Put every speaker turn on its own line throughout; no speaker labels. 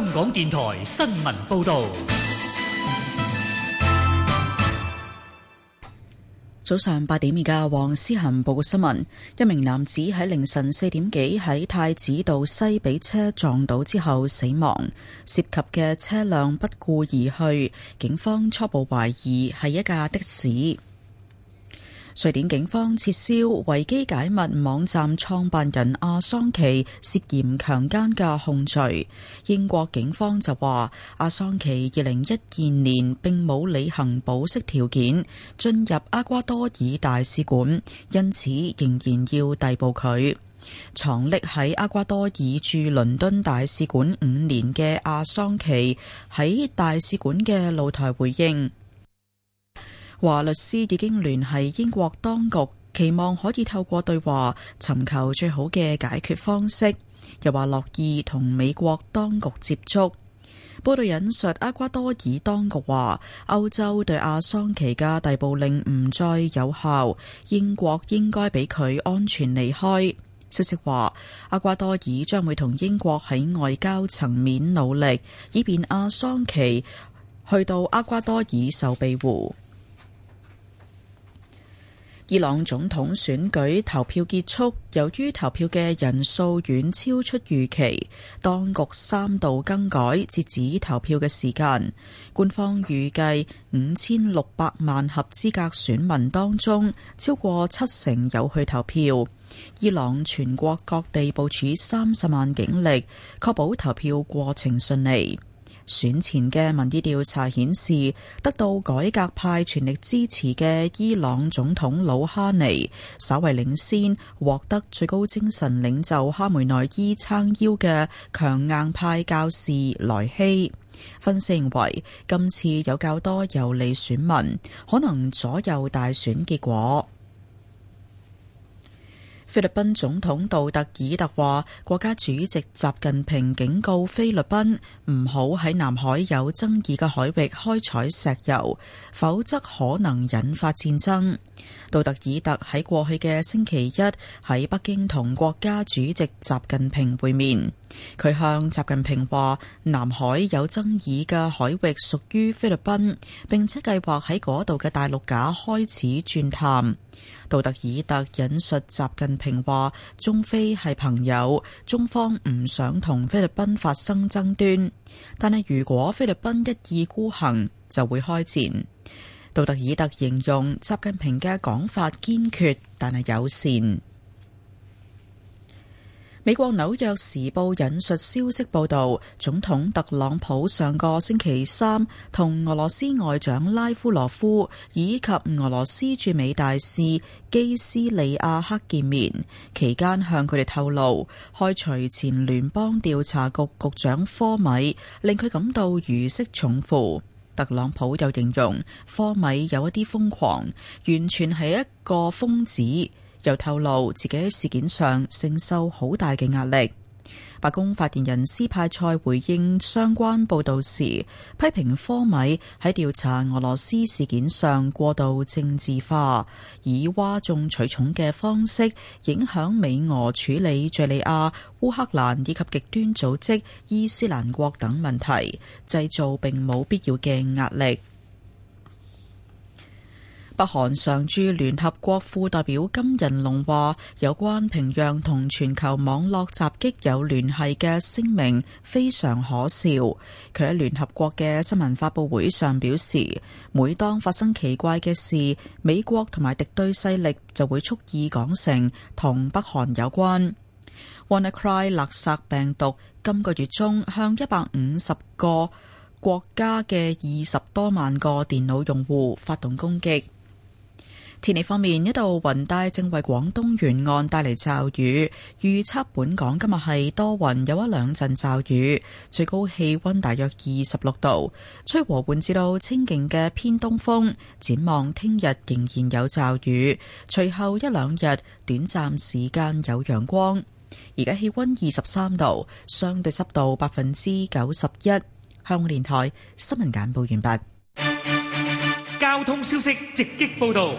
香港電台新聞報道：
早上八點，而家黃思恆報告新聞，一名男子喺凌晨四點幾喺太子道西俾車撞到之後死亡，涉及嘅車輛不顧而去，警方初步懷疑係一架的士。瑞典警方撤銷維基解密網站創辦人阿桑奇涉嫌強姦嘅控罪。英國警方就話，阿桑奇二零一二年並冇履行保釋條件，進入厄瓜多爾大使館，因此仍然要逮捕佢。藏匿喺厄瓜多爾駐倫敦大使館五年嘅阿桑奇喺大使館嘅露台回應。華律師已經聯繫英國當局，期望可以透過對話尋求最好嘅解決方式。又話樂意同美國當局接觸。報導引述阿瓜多爾當局話，歐洲對阿桑奇嘅逮捕令唔再有效，英國應該俾佢安全離開。消息話，阿瓜多爾將會同英國喺外交層面努力，以便阿桑奇去到阿瓜多爾受庇護。伊朗總統選舉投票結束，由於投票嘅人數遠超出預期，當局三度更改截止投票嘅時間。官方預計五千六百萬合資格選民當中，超過七成有去投票。伊朗全國各地部署三十萬警力，確保投票過程順利。選前嘅民意調查顯示，得到改革派全力支持嘅伊朗總統魯哈尼稍為領先，獲得最高精神領袖哈梅內伊撐腰嘅強硬派教士萊希，分析認為今次有較多游離選民，可能左右大選結果。菲律賓總統杜特爾特話：國家主席習近平警告菲律賓，唔好喺南海有爭議嘅海域開採石油，否則可能引發戰爭。杜特爾特喺過去嘅星期一喺北京同國家主席習近平會面。佢向習近平話，南海有爭議嘅海域屬於菲律賓，並且計劃喺嗰度嘅大陸架開始鑽探。杜特爾特引述習近平話：中菲係朋友，中方唔想同菲律賓發生爭端，但係如果菲律賓一意孤行，就會開戰。杜特爾特形容習近平嘅講法堅決，但係友善。美國紐約時報引述消息報道，總統特朗普上個星期三同俄羅斯外長拉夫羅夫以及俄羅斯駐美大使基斯利亞克見面，期間向佢哋透露開除前聯邦調查局局長科米，令佢感到如釋重負。特朗普又形容科米有一啲瘋狂，完全係一個瘋子。又透露自己喺事件上承受好大嘅壓力。白宮發言人斯派塞回應相關報道時，批評科米喺調查俄羅斯事件上過度政治化，以嘩眾取寵嘅方式影響美俄處理敘利亞、烏克蘭以及極端組織伊斯蘭國等問題，製造並冇必要嘅壓力。北韓常駐聯合國副代表金仁龍話，有關平壤同全球網絡襲擊有聯繫嘅聲明非常可笑。佢喺聯合國嘅新聞發佈會上表示，每當發生奇怪嘅事，美國同埋敵對勢力就會蓄意講成同北韓有關。WannaCry 勒索病毒今個月中向一百五十個國家嘅二十多萬個電腦用戶發動攻擊。天氣方面，一道雲帶正為廣東沿岸帶嚟驟雨。預測本港今日係多雲，有一兩陣驟雨，最高氣溫大約二十六度，吹和緩至到清勁嘅偏東風。展望聽日仍然有驟雨，隨後一兩日短暫時間有陽光。而家氣溫二十三度，相對濕度百分之九十一。香港電台新聞簡報完畢。
交通消息直擊報道。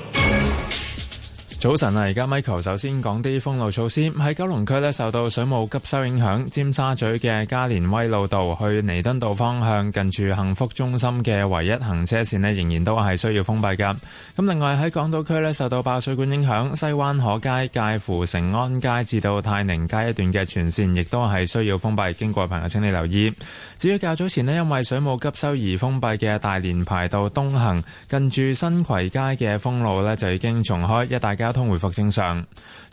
早
晨啊！而家 Michael 首先講啲封路措施。喺九龍區咧，受到水務急修影響，尖沙咀嘅加連威老道，道去彌敦道方向，近住幸福中心嘅唯一行車線咧，仍然都係需要封閉噶。咁另外喺港島區咧，受到爆水管影響，西灣河街介乎成安街至到泰寧街一段嘅全線，亦都係需要封閉。經過嘅朋友，請你留意。至於較早前咧，因為水務急修而封閉嘅大連排道東行，近住新葵街嘅封路咧，就已經重開。一大家。交通回復正常。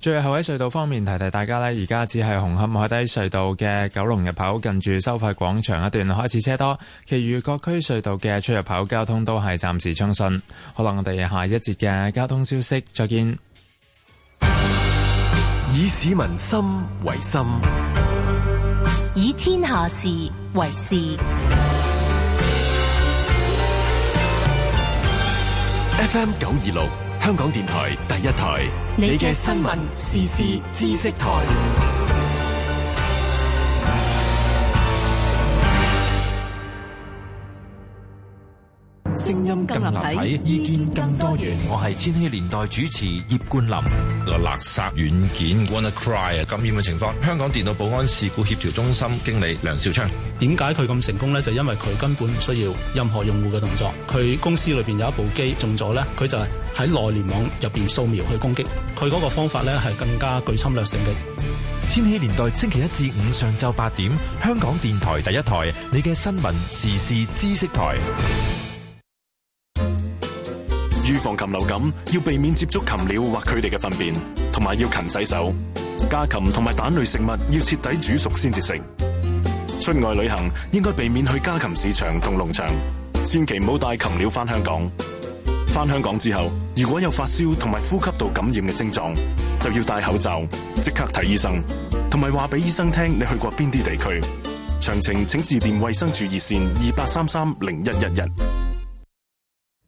最後喺隧道方面提提大家呢，而家只係紅磡海底隧道嘅九龍入口近住收費廣場一段開始車多，其餘各區隧道嘅出入口交通都係暫時暢順。好啦，我哋下一節嘅交通消息再見。以市民心為心，
以天下事為事。
FM 九二六。香港電台第一台，
你嘅新聞時事知識台。聲音更立體，
意見更多元。我係千禧年代主持葉冠林。個垃圾軟件，wanna cry 啊！感染嘅情況，香港電腦保安事故協調中心經理梁少昌。點解佢咁成功咧？就因為佢根本唔需要任何用戶嘅動作。佢公司裏邊有一部機中咗咧，佢就喺內聯網入邊掃描去攻擊。佢嗰個方法咧係更加具侵略性嘅。千禧年代星期一至五上晝八
點，香港電台第一台，你嘅新聞時事知識台。
預防禽流感，要避免接觸禽鳥或佢哋嘅糞便，同埋要勤洗手。家禽同埋蛋類食物要徹底煮熟先至食。出外旅行應該避免去家禽市場同農場，千祈唔好帶禽鳥返香港。返香港之後，如果有發燒同埋呼吸道感染嘅症狀，就要戴口罩，即刻睇醫生，同埋話俾醫生聽你去過邊啲地區。詳情請致電衛生署熱線二八三三零一一一。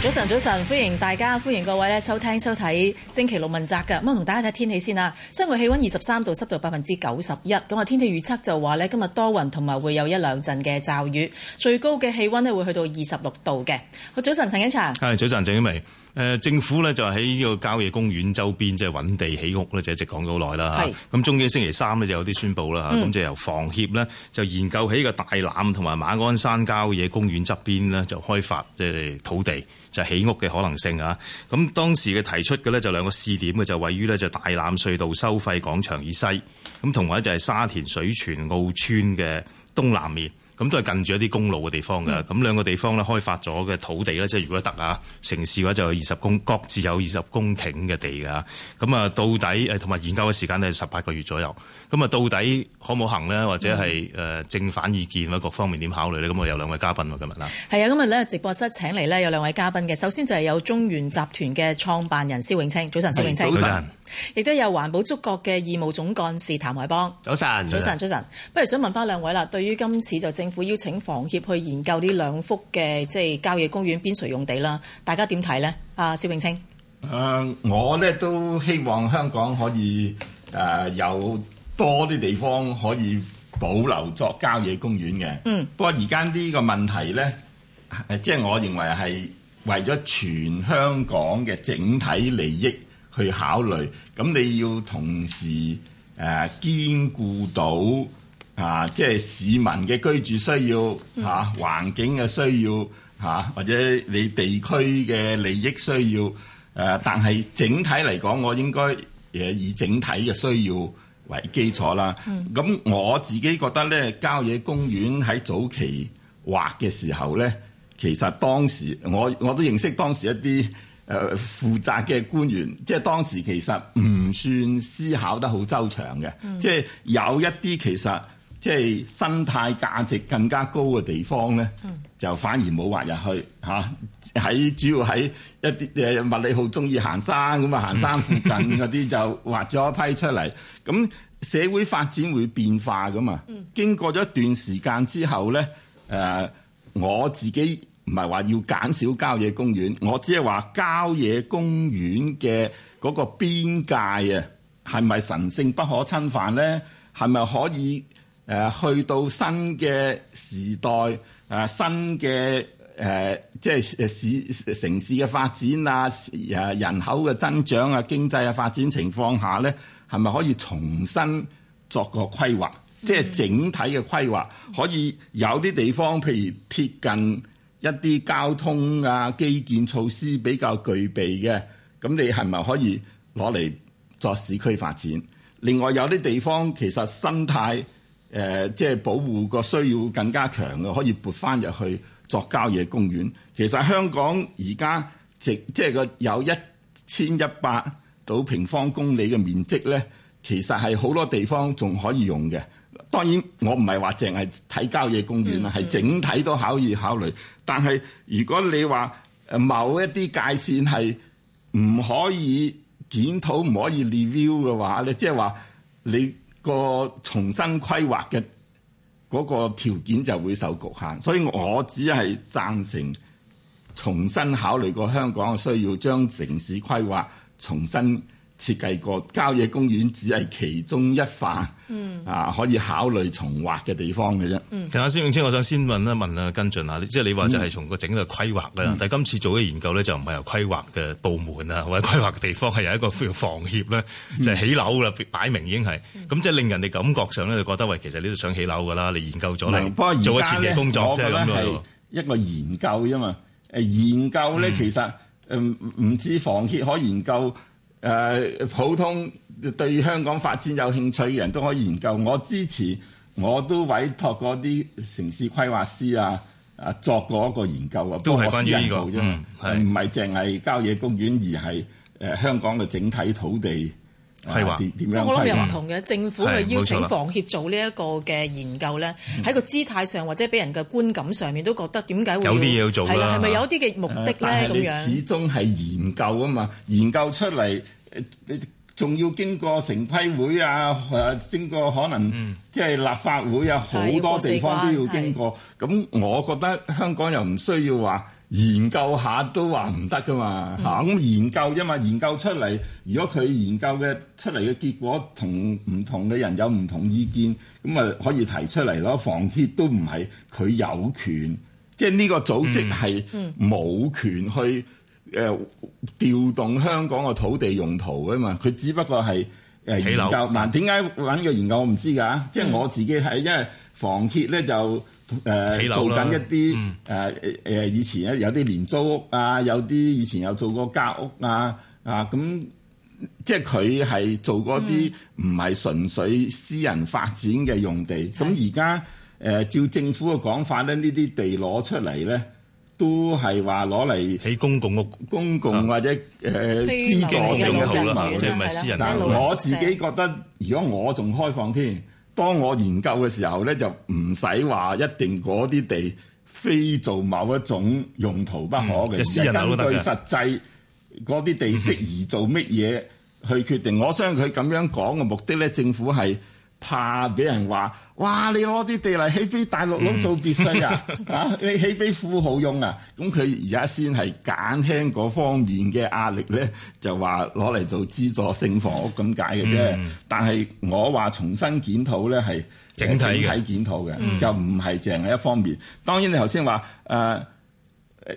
早晨，早晨，歡迎大家，歡迎各位咧收聽收睇星期六問責噶。咁啊，同大家睇天氣先啦。室外氣溫二十三度，濕度百分之九十一。咁啊，天氣預測就話咧今日多雲同埋會有一兩陣嘅驟雨，最高嘅氣溫咧會去到二十六度嘅。好，早晨陳景祥。係，
早晨鄭曉未？誒政府咧就喺呢個郊野公園周邊即係揾地起屋咧，就一直講咗好耐啦嚇。咁是終於星期三咧就有啲宣佈啦嚇，咁就、嗯、由房協咧就研究喺個大欖同埋馬鞍山郊野公園側邊咧就開發即係土地就起屋嘅可能性嚇。咁當時嘅提出嘅咧就兩個試點嘅，就位於咧就大欖隧道收費廣場以西，咁同埋就係沙田水泉澳村嘅東南面。咁都係近住一啲公路嘅地方嘅，咁、嗯、兩個地方咧開發咗嘅土地咧，即係如果得啊，城市嘅話就有二十公，各自有二十公頃嘅地啊。咁、嗯、啊，到底誒同埋研究嘅時間咧係十八個月左右。咁、嗯、啊，到底可唔可行呢？或者係誒正反意見各方面點考慮呢？咁我有兩位嘉賓喎，今日啦，
係啊，今日咧直播室請嚟呢有兩位嘉賓嘅。首先就係有中原集團嘅創辦人施永青，早晨，施永青。早晨安。早亦都有環保觸覺嘅義務總幹事譚凱邦，早
晨，早晨，早
晨。不如想問翻兩位啦，對於今次就政府邀請房協去研究呢兩幅嘅即係郊野公園邊陲用地啦，大家點睇呢？啊，施永青，
誒、呃，我呢都希望香港可以誒、呃、有多啲地方可以保留作郊野公園嘅。嗯。不過而家呢個問題呢，即係我認為係為咗全香港嘅整體利益。去考慮，咁你要同時誒兼顧到啊，即係市民嘅居住需要嚇、啊、環境嘅需要嚇、啊，或者你地區嘅利益需要誒、啊。但係整體嚟講，我應該誒以整體嘅需要為基礎啦。咁、嗯、我自己覺得咧，郊野公園喺早期畫嘅時候咧，其實當時我我都認識當時一啲。誒、呃、負責嘅官員，即係當時其實唔算思考得好周詳嘅、嗯，即係有一啲其實即係生態價值更加高嘅地方咧，嗯、就反而冇劃入去嚇。喺、啊、主要喺一啲誒物理好中意行山咁啊，行山附近嗰啲就劃咗一批出嚟。咁、嗯、 社會發展會變化噶嘛？嗯、經過咗一段時間之後咧，誒、呃、我自己。唔係話要減少郊野公園，我只係話郊野公園嘅嗰個邊界啊，係咪神聖不可侵犯咧？係咪可以誒、呃、去到新嘅時代誒、呃、新嘅誒、呃，即係市城市嘅發展啊，誒人口嘅增長啊，經濟嘅、啊、發展情況下咧，係咪可以重新作個規劃？Mm hmm. 即係整體嘅規劃，可以有啲地方譬如貼近。一啲交通啊，基建措施比較具備嘅，咁你係咪可以攞嚟作市區發展？另外有啲地方其實生態誒、即係保護個需要更加強嘅，可以撥翻入去作郊野公園。其實香港而家直即係個有一千一百到平方公里嘅面積咧，其實係好多地方仲可以用嘅。當然我唔係話淨係睇郊野公園啊，係、嗯、整體都可以考慮。但係，如果你話誒某一啲界線係唔可以檢討、唔可以 review 嘅話咧，即係話你個重新規劃嘅嗰個條件就會受局限，所以我只係贊成重新考慮過香港嘅需要，將城市規劃重新設計過郊野公園，只係其中一塊、嗯、啊，可以考慮重劃嘅地方嘅啫。其實、嗯，
施永青，我想先問一問啊，跟進下，即係你話就係從個整個規劃啦。嗯、但係今次做嘅研究咧，就唔係由規劃嘅部門啊，或者規劃嘅地方係由一個要房協咧，就係、起樓啦，嗯、擺明已經係咁，嗯、即係令人哋感覺上咧就覺得喂，其實呢度想起樓㗎啦。你研究咗嚟、嗯、做咗前期工作，即係咁樣一
個研究啫嘛。誒，研究咧，嗯、其實誒唔知房協可以研究。誒、呃、普通對香港發展有興趣嘅人都可以研究。我支持，我都委託過啲城市規劃師啊，啊作過一個研究啊，都係、這個、私人做啫，唔係淨係郊野公園，而係誒、呃、香港嘅整體土地。係話，點樣我諗又唔同嘅。政府去邀請房
協做呢一個嘅研究咧，喺個姿態上或者俾人嘅觀感上面，都覺得點解會有啲嘢要做啦？係咪有啲嘅目的咧？咁樣，始
終係研究啊嘛，研究出嚟。仲要經過城規會啊，誒、啊，經過可能、嗯、即係立法會啊，好多地方都要經過。咁、嗯、我覺得香港又唔需要話研究下都話唔得噶嘛嚇。咁、嗯、研究啫嘛，研究出嚟，如果佢研究嘅出嚟嘅結果同唔同嘅人有唔同意見，咁啊可以提出嚟咯。房協都唔係佢有權，即係呢個組織係冇、嗯嗯、權去。誒調動香港嘅土地用途嘅嘛，佢只不過係誒研究。嗱樓，點解揾個研究我唔知㗎、啊，嗯、即係我自己睇，因為房協咧就誒、呃、做緊一啲誒誒，以前咧有啲廉租屋啊，有啲以前有做過家屋啊啊，咁即係佢係做過啲唔係純粹私人發展嘅用地。咁而家誒照政府嘅講法咧，呢啲地攞出嚟咧。都係話攞嚟起公共個公共或者誒資助上嘅好啦，即係咪私人嘅？係咪私人我自己覺得，如果我仲開放添，當我研究嘅時候咧，就唔使話一定嗰啲地非做某一種用途不可嘅、嗯，就私人都得嘅。根據實際嗰啲地適宜做乜嘢去決定。 我相信佢咁樣講嘅目的咧，政府係怕俾人話。哇！你攞啲地嚟起俾大陸佬做別墅啊？ 啊！起起俾富豪用啊！咁佢而家先係減輕嗰方面嘅壓力咧，就話攞嚟做資助性房屋咁解嘅啫。嗯、但係我話重新檢討咧，係整體嘅檢討嘅，就唔係淨係一方面。嗯、當然你頭先話誒。呃呃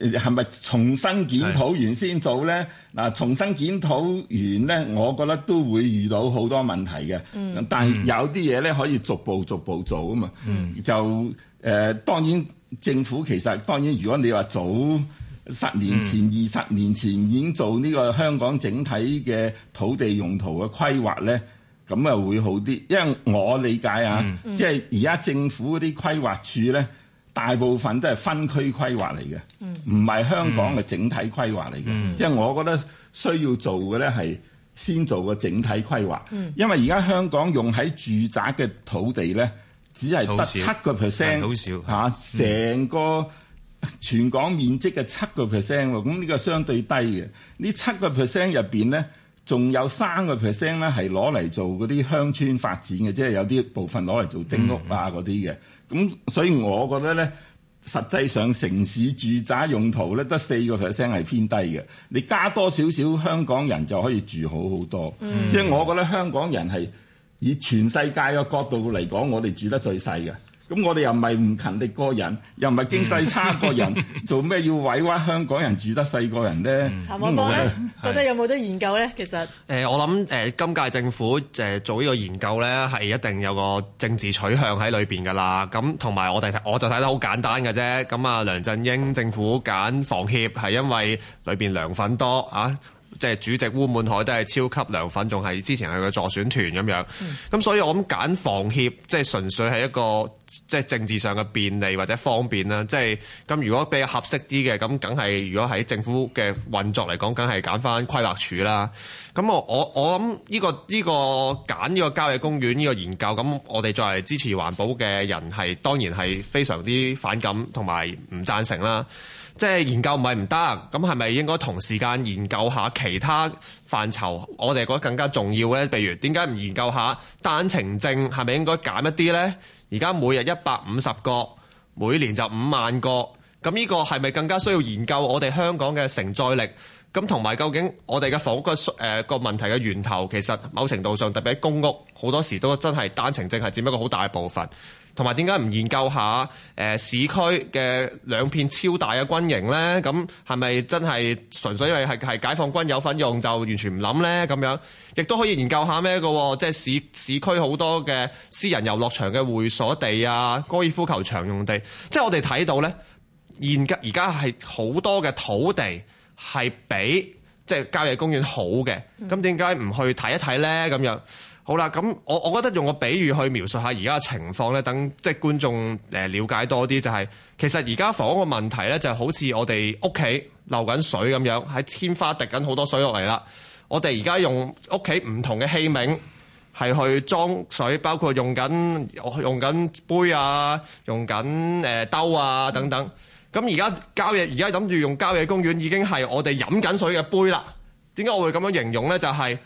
係咪重新檢討完先做咧？嗱，重新檢討完咧，我覺得都會遇到好多問題嘅。嗯、但係有啲嘢咧可以逐步逐步做啊嘛。嗯、就誒、呃，當然政府其實當然，如果你話早十年前、二十、嗯、年前已經做呢個香港整體嘅土地用途嘅規劃咧，咁啊會好啲。因為我理解啊，即係而家政府嗰啲規劃處咧。大部分都係分區規劃嚟嘅，唔係、嗯、香港嘅整體規劃嚟嘅。即係、嗯、我覺得需要做嘅咧係先做個整體規劃，嗯、因為而家香港用喺住宅嘅土地咧，只係得七個 percent，好少、嚇，成個全港面積嘅七、嗯、個 percent 喎。咁呢個相對低嘅，呢七個 percent 入邊咧。仲有三個 percent 咧，係攞嚟做嗰啲鄉村發展嘅，即係有啲部分攞嚟做丁屋啊嗰啲嘅。咁、嗯、所以我覺得咧，實際上城市住宅用途咧得四個 percent 係偏低嘅。你加多少少香港人就可以住好好多。嗯、即係我覺得香港人係以全世界嘅角度嚟講，我哋住得最細嘅。咁我哋又唔係唔勤力過人，又唔係經濟差過人， 做咩要委屈香港人住得細過人呢？談波波咧，覺得
有冇得研究咧？其實
誒，我諗誒，今屆政
府誒、呃、做呢個研究咧，係一定有個政治取向喺裏邊噶啦。咁同埋我哋我就睇得好簡單嘅啫。咁啊，梁振英政府揀房協係因為裏邊梁粉多啊。即係主席鄔滿海都係超級梁粉，仲係之前係佢助選團咁樣。咁、嗯、所以我諗揀房協，即、就、係、是、純粹係一個即係、就是、政治上嘅便利或者方便啦。即係咁如果比較合適啲嘅，咁梗係如果喺政府嘅運作嚟講，梗係揀返規劃署啦。咁我我我諗呢個呢、呢個揀呢個郊野公園呢個研究，咁我哋作為支持環保嘅人，係當然係非常之反感同埋唔贊成啦。即係研究唔係唔得，咁係咪應該同時間研究下其他範疇？我哋覺得更加重要呢。譬如點解唔研究下單程證係咪應該減一啲呢？而家每日一百五十個，每年就五萬個，咁呢個係咪更加需要研究我哋香港嘅承載力？咁同埋究竟我哋嘅房屋嘅誒個問題嘅源頭，其實某程度上特別喺公屋，好多時都真係單程證係佔一個好大部分。同埋點解唔研究下誒、呃、市區嘅兩片超大嘅軍營呢？咁係咪真係純粹因為係係係解放軍有份用就完全唔諗呢？咁樣亦都可以研究下咩嘅喎？即係市市區好多嘅私人遊樂場嘅會所地啊、高爾夫球場用地，即係我哋睇到呢，現而家係好多嘅土地係比即係郊野公園好嘅。咁點解唔去睇一睇呢？咁樣？好啦，咁我我覺得用個比喻去描述下而家嘅情況呢，等即係觀眾誒瞭解多啲、就是，就係其實而家房屋嘅問題呢，就好似我哋屋企漏緊水咁樣，喺天花滴緊好多水落嚟啦。我哋而家用屋企唔同嘅器皿，係去裝水，包括用緊用緊杯啊，用緊誒、呃、兜啊等等。咁而家郊野而家諗住用郊野公園已經係我哋飲緊水嘅杯啦。點解我會咁樣形容呢？就係、是。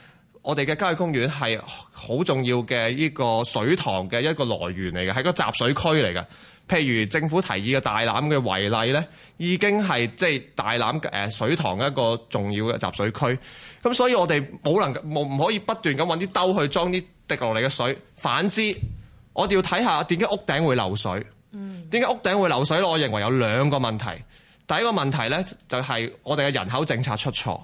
我哋嘅郊野公園係好重要嘅呢個水塘嘅一個來源嚟嘅，係個集水區嚟嘅。譬如政府提議嘅大欖嘅圍例呢，已經係即係大欖誒水塘一個重要嘅集水區。咁所以我哋冇能冇唔可以不斷咁揾啲兜去裝啲滴落嚟嘅水。反之，我哋要睇下點解屋頂會漏水。點解、嗯、屋頂會漏水呢？我認為有兩個問題。第一個問題呢，就係我哋嘅人口政策出錯，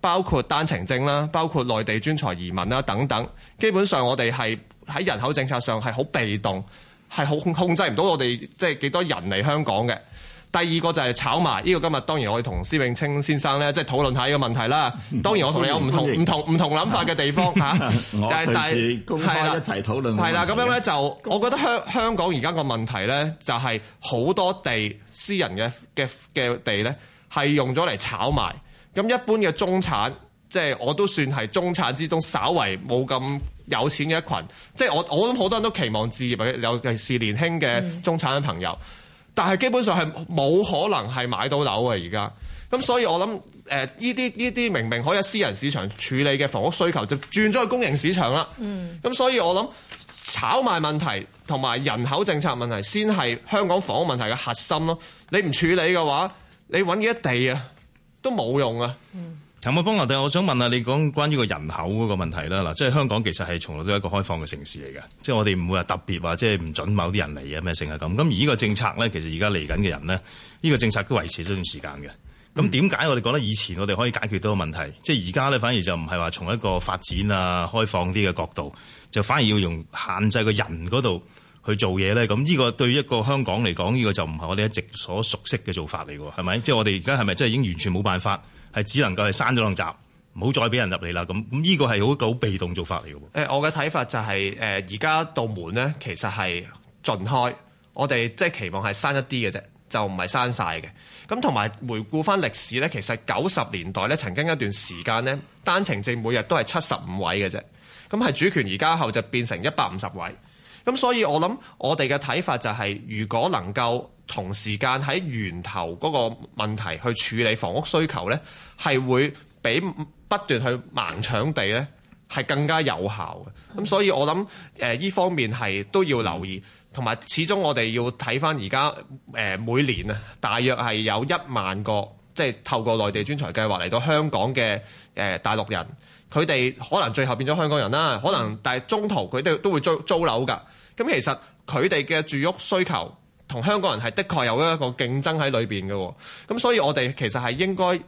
包括單程證啦，包括內地專才移民啦等等，基本上我哋係喺人口政策上係好被動，係好控制唔到我哋即係幾多人嚟香港嘅。第二個就係炒賣，呢個今日當然我同施永青先生咧，即係討論下呢個問題啦。當然我同你有唔同唔迎同唔同諗法嘅地方嚇，就係但係係啦，啊、 公一
齊討論係啦。 咁樣咧
就，我覺得香香港而家個問題咧，就係好多地私人嘅嘅嘅地咧，係用咗嚟炒賣。咁一般嘅中產，即係我都算係中產之中，稍為冇咁有錢嘅一群。即係我我諗好多人都期望置業，尤其是年輕嘅中產嘅朋友。但係基本上係冇可能係買到樓啊！而家咁，所以我諗誒，呢啲呢啲明明可以喺私人市場處理嘅房屋需求，就轉咗去公營市場啦。嗯。咁、嗯、所以我諗炒賣問題同埋人口政策問題，先係香港房屋問題嘅核心咯。你唔處理嘅話，你揾幾多地啊，都
冇用啊。嗯。譚凱邦啊，但係我想問下你講關於個人口嗰個問題啦。嗱，即係香港其實係從來都係一個開放嘅城市嚟嘅，即係我哋唔會話特別話即係唔準某啲人嚟啊咩，成係咁。咁而呢個政策咧，其實而家嚟緊嘅人咧，呢個政策都維持咗段時間嘅。咁點解我哋覺得以前我哋可以解決到問題？即係而家咧反而就唔係話從一個發展啊開放啲嘅角度，就反而要用限制個人嗰度去做嘢咧。咁呢個對於一個香港嚟講，呢個就唔係我哋一直所熟悉嘅做法嚟㗎，係咪？即係我哋而家係咪真係已經完全冇辦法？係只能夠係閂咗兩閘，唔好再俾人入嚟啦。咁咁呢個係好夠好被動做法嚟嘅喎。誒，我嘅睇法就係、是、誒，而家道門咧，其實係盡開，我哋
即係期望係閂一啲嘅啫，就唔係閂晒嘅。咁同埋回顧翻歷史咧，其實九十年代咧，曾經一段時間咧，單程證每日都係七十五位嘅啫。咁係主權而家後就變成一百五十位。咁所以，我諗我哋嘅睇法就係，如果能夠同時間喺源頭嗰個問題去處理房屋需求呢，係會比不斷去盲搶地呢，係更加有效嘅。咁所以，我諗誒呢方面係都要留意，同埋始終我哋要睇翻而家誒每年啊，大約係有一萬個即係透過內地專才計劃嚟到香港嘅誒大陸人。佢哋可能最後變咗香港人啦，可能但係中途佢哋都會租租樓㗎。咁其實佢哋嘅住屋需求同香港人係的確有一個競爭喺裏邊嘅。咁所以我哋其實係應該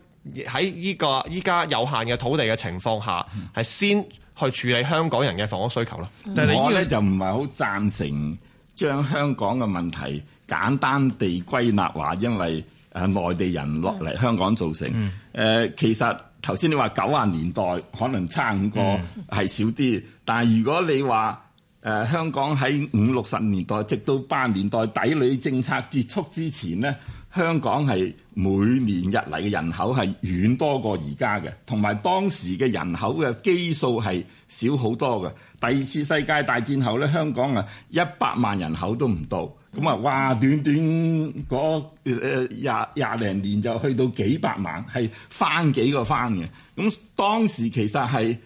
喺依個依家有限嘅土地嘅情況下，係先去處理香港人嘅房屋需求
咯。嗯、但係你我呢，就唔係好贊成將香港嘅問題簡單地歸納話，因為誒內地人落嚟香港造成誒、嗯呃、其實。頭先你話九啊年代可能差五個係少啲，嗯、但係如果你話誒、呃、香港喺五六十年代直到八十年代抵壘政策結束之前咧。香港係每年入嚟嘅人口係遠多過而家嘅，同埋當時嘅人口嘅基數係少好多嘅。第二次世界大戰後咧，香港啊一百萬人口都唔到，咁啊，哇！短短嗰誒廿廿零年就去到幾百萬，係翻幾個翻嘅。咁當時其實係。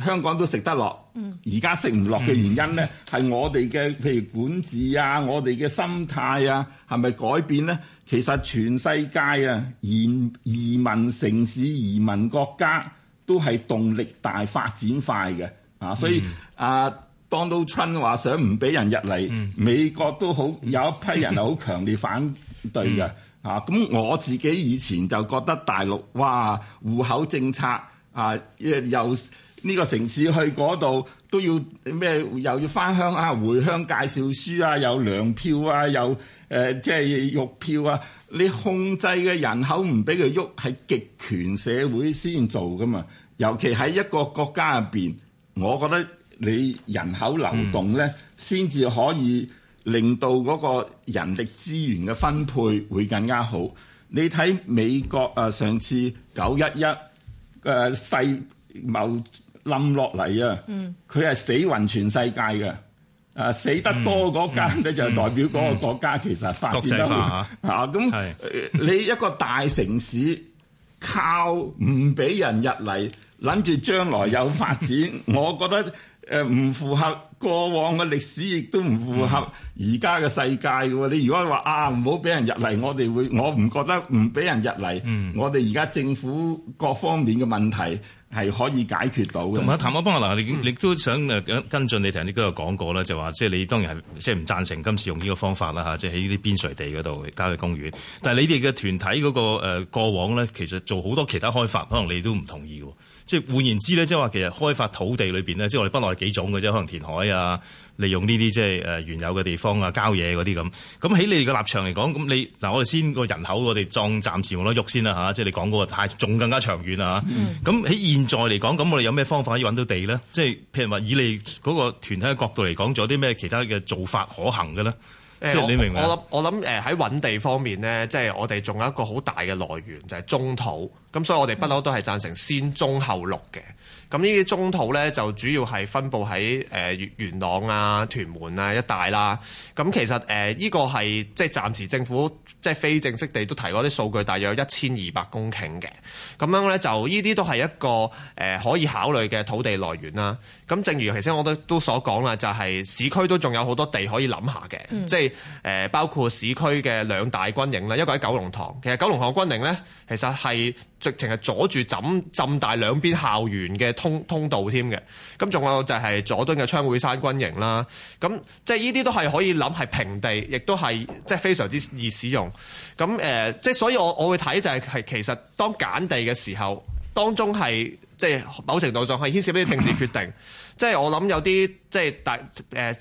香港都食得落，而家食唔落嘅原因咧，係、嗯、我哋嘅譬如管治啊，我哋嘅心態啊，係咪改變咧？其實全世界啊，移移民城市，移民國家都係動力大，發展快嘅啊。所以阿 Donald Trump 話想唔俾人入嚟，嗯、美國都好有一批人係好強烈反對嘅，嗯、啊。咁我自己以前就覺得大陸，哇，戶口政策啊，又～又呢個城市去嗰度都要咩？又要翻鄉啊，回鄉介紹書啊，有糧票啊，有誒即係肉票啊！你控制嘅人口唔俾佢喐，係極權社會先做噶嘛。尤其喺一個國家入邊，我覺得你人口流動咧，先至、嗯、可以令到嗰個人力資源嘅分配會更加好。你睇美國啊、呃，上次九一一誒世貿，冧落嚟啊！佢係、嗯、死運全世界嘅，啊死得多嗰間咧就代表嗰個國家其實發展得好吓咁。你一個大城市靠唔俾人入嚟，諗住將來有發展，嗯、我覺得誒、呃、唔符合過往嘅歷史，亦都唔符合而家嘅世界嘅。你如果話啊唔好俾人入嚟，我哋會我唔覺得唔俾人入嚟，嗯、我哋而家政府各方面嘅問題。係可以解決到嘅。同埋譚
凱邦啊，嗱，你你都想誒跟進，你頭先都有講過啦，就話即係你當然係即係唔贊成今次用呢個方法啦嚇，即係喺呢啲邊陲地嗰度搞個郊野公園。但係你哋嘅團體嗰個誒過往咧，其實做好多其他開發，可能你都唔同意嘅。即係換言之咧，即係話其實開發土地裏邊咧，即係我哋不外幾種嘅啫，可能填海啊，利用呢啲即係誒原有嘅地方啊，郊野嗰啲咁。咁喺你哋嘅立場嚟講，咁你嗱我哋先個人口我哋撞，暫時冇得喐先啦嚇。即係你講嗰個太仲更加長遠啦。咁喺現在嚟講，咁我哋有咩方法可以搵到地咧？即係譬如話以你嗰個團體嘅角度嚟講，仲有啲咩其他嘅做法可行嘅咧？即係你明嘅，
我諗我諗誒喺揾地方面咧，即係我哋仲有一個好大嘅來源就係棕土，咁所以我哋不嬲都係贊成先棕後綠嘅。咁呢啲棕土咧就主要係分佈喺誒元朗啊、屯門啊一帶啦。咁其實誒依個係即係暫時政府即係非正式地都提過啲數據，大約一千二百公頃嘅。咁樣咧就呢啲都係一個誒可以考慮嘅土地來源啦。咁正如頭先我都都所講啦，就係市區都仲有好多地可以諗下嘅，即係誒包括市區嘅兩大軍營啦，一個喺九龍塘，其實九龍塘軍營呢，其實係直情係阻住枕浸大兩邊校園嘅通通道添嘅。咁仲有就係佐敦嘅槍會山軍營啦，咁即係呢啲都係可以諗係平地，亦都係即係非常之易使用。咁誒，即係所以我我會睇就係係其實當揀地嘅時候，當中係。即係某程度上係牽涉呢啲政治決定， 即係我諗有啲即係大、誒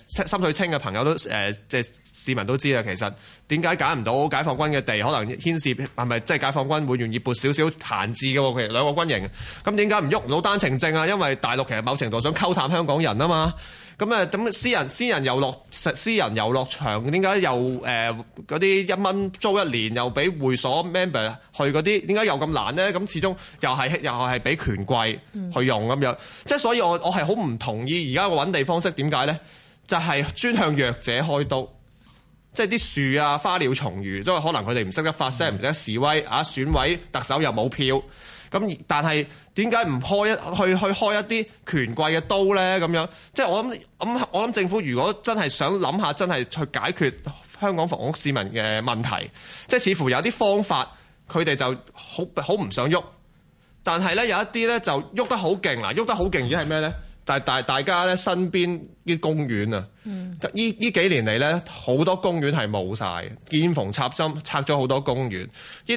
心、呃、水清嘅朋友都誒，即係市民都知啦，其實點解揀唔到解放軍嘅地，可能牽涉係咪即係解放軍會願意撥少少閒置嘅其實兩個軍營，咁點解唔喐唔到單程證啊？因為大陸其實某程度想溝淡香港人啊嘛。咁啊，咁私人私人遊樂、私人遊樂場點解又誒嗰啲一蚊租一年又俾會所 member 去嗰啲？點解又咁難呢？咁始終又係又係俾權貴去用咁、嗯、樣，即係所以我我係好唔同意而家個揾地方式點解呢？就係、是、專向弱者開刀，即係啲樹啊、花鳥蟲魚，因為可能佢哋唔識得發聲、唔識、嗯、得示威啊，選委特首又冇票。咁但係點解唔開一去去開一啲權貴嘅刀呢？咁樣即係、就是、我諗，諗我諗政府如果真係想諗下，真係去解決香港房屋市民嘅問題，即、就、係、是、似乎有啲方法，佢哋就好好唔想喐。但係呢，有一啲呢就喐得好勁嗱，喐得好勁已係咩呢？但大、嗯、大家呢身邊啲公園啊，呢依幾年嚟呢，好多公園係冇晒，見縫插針拆咗好多公園。呢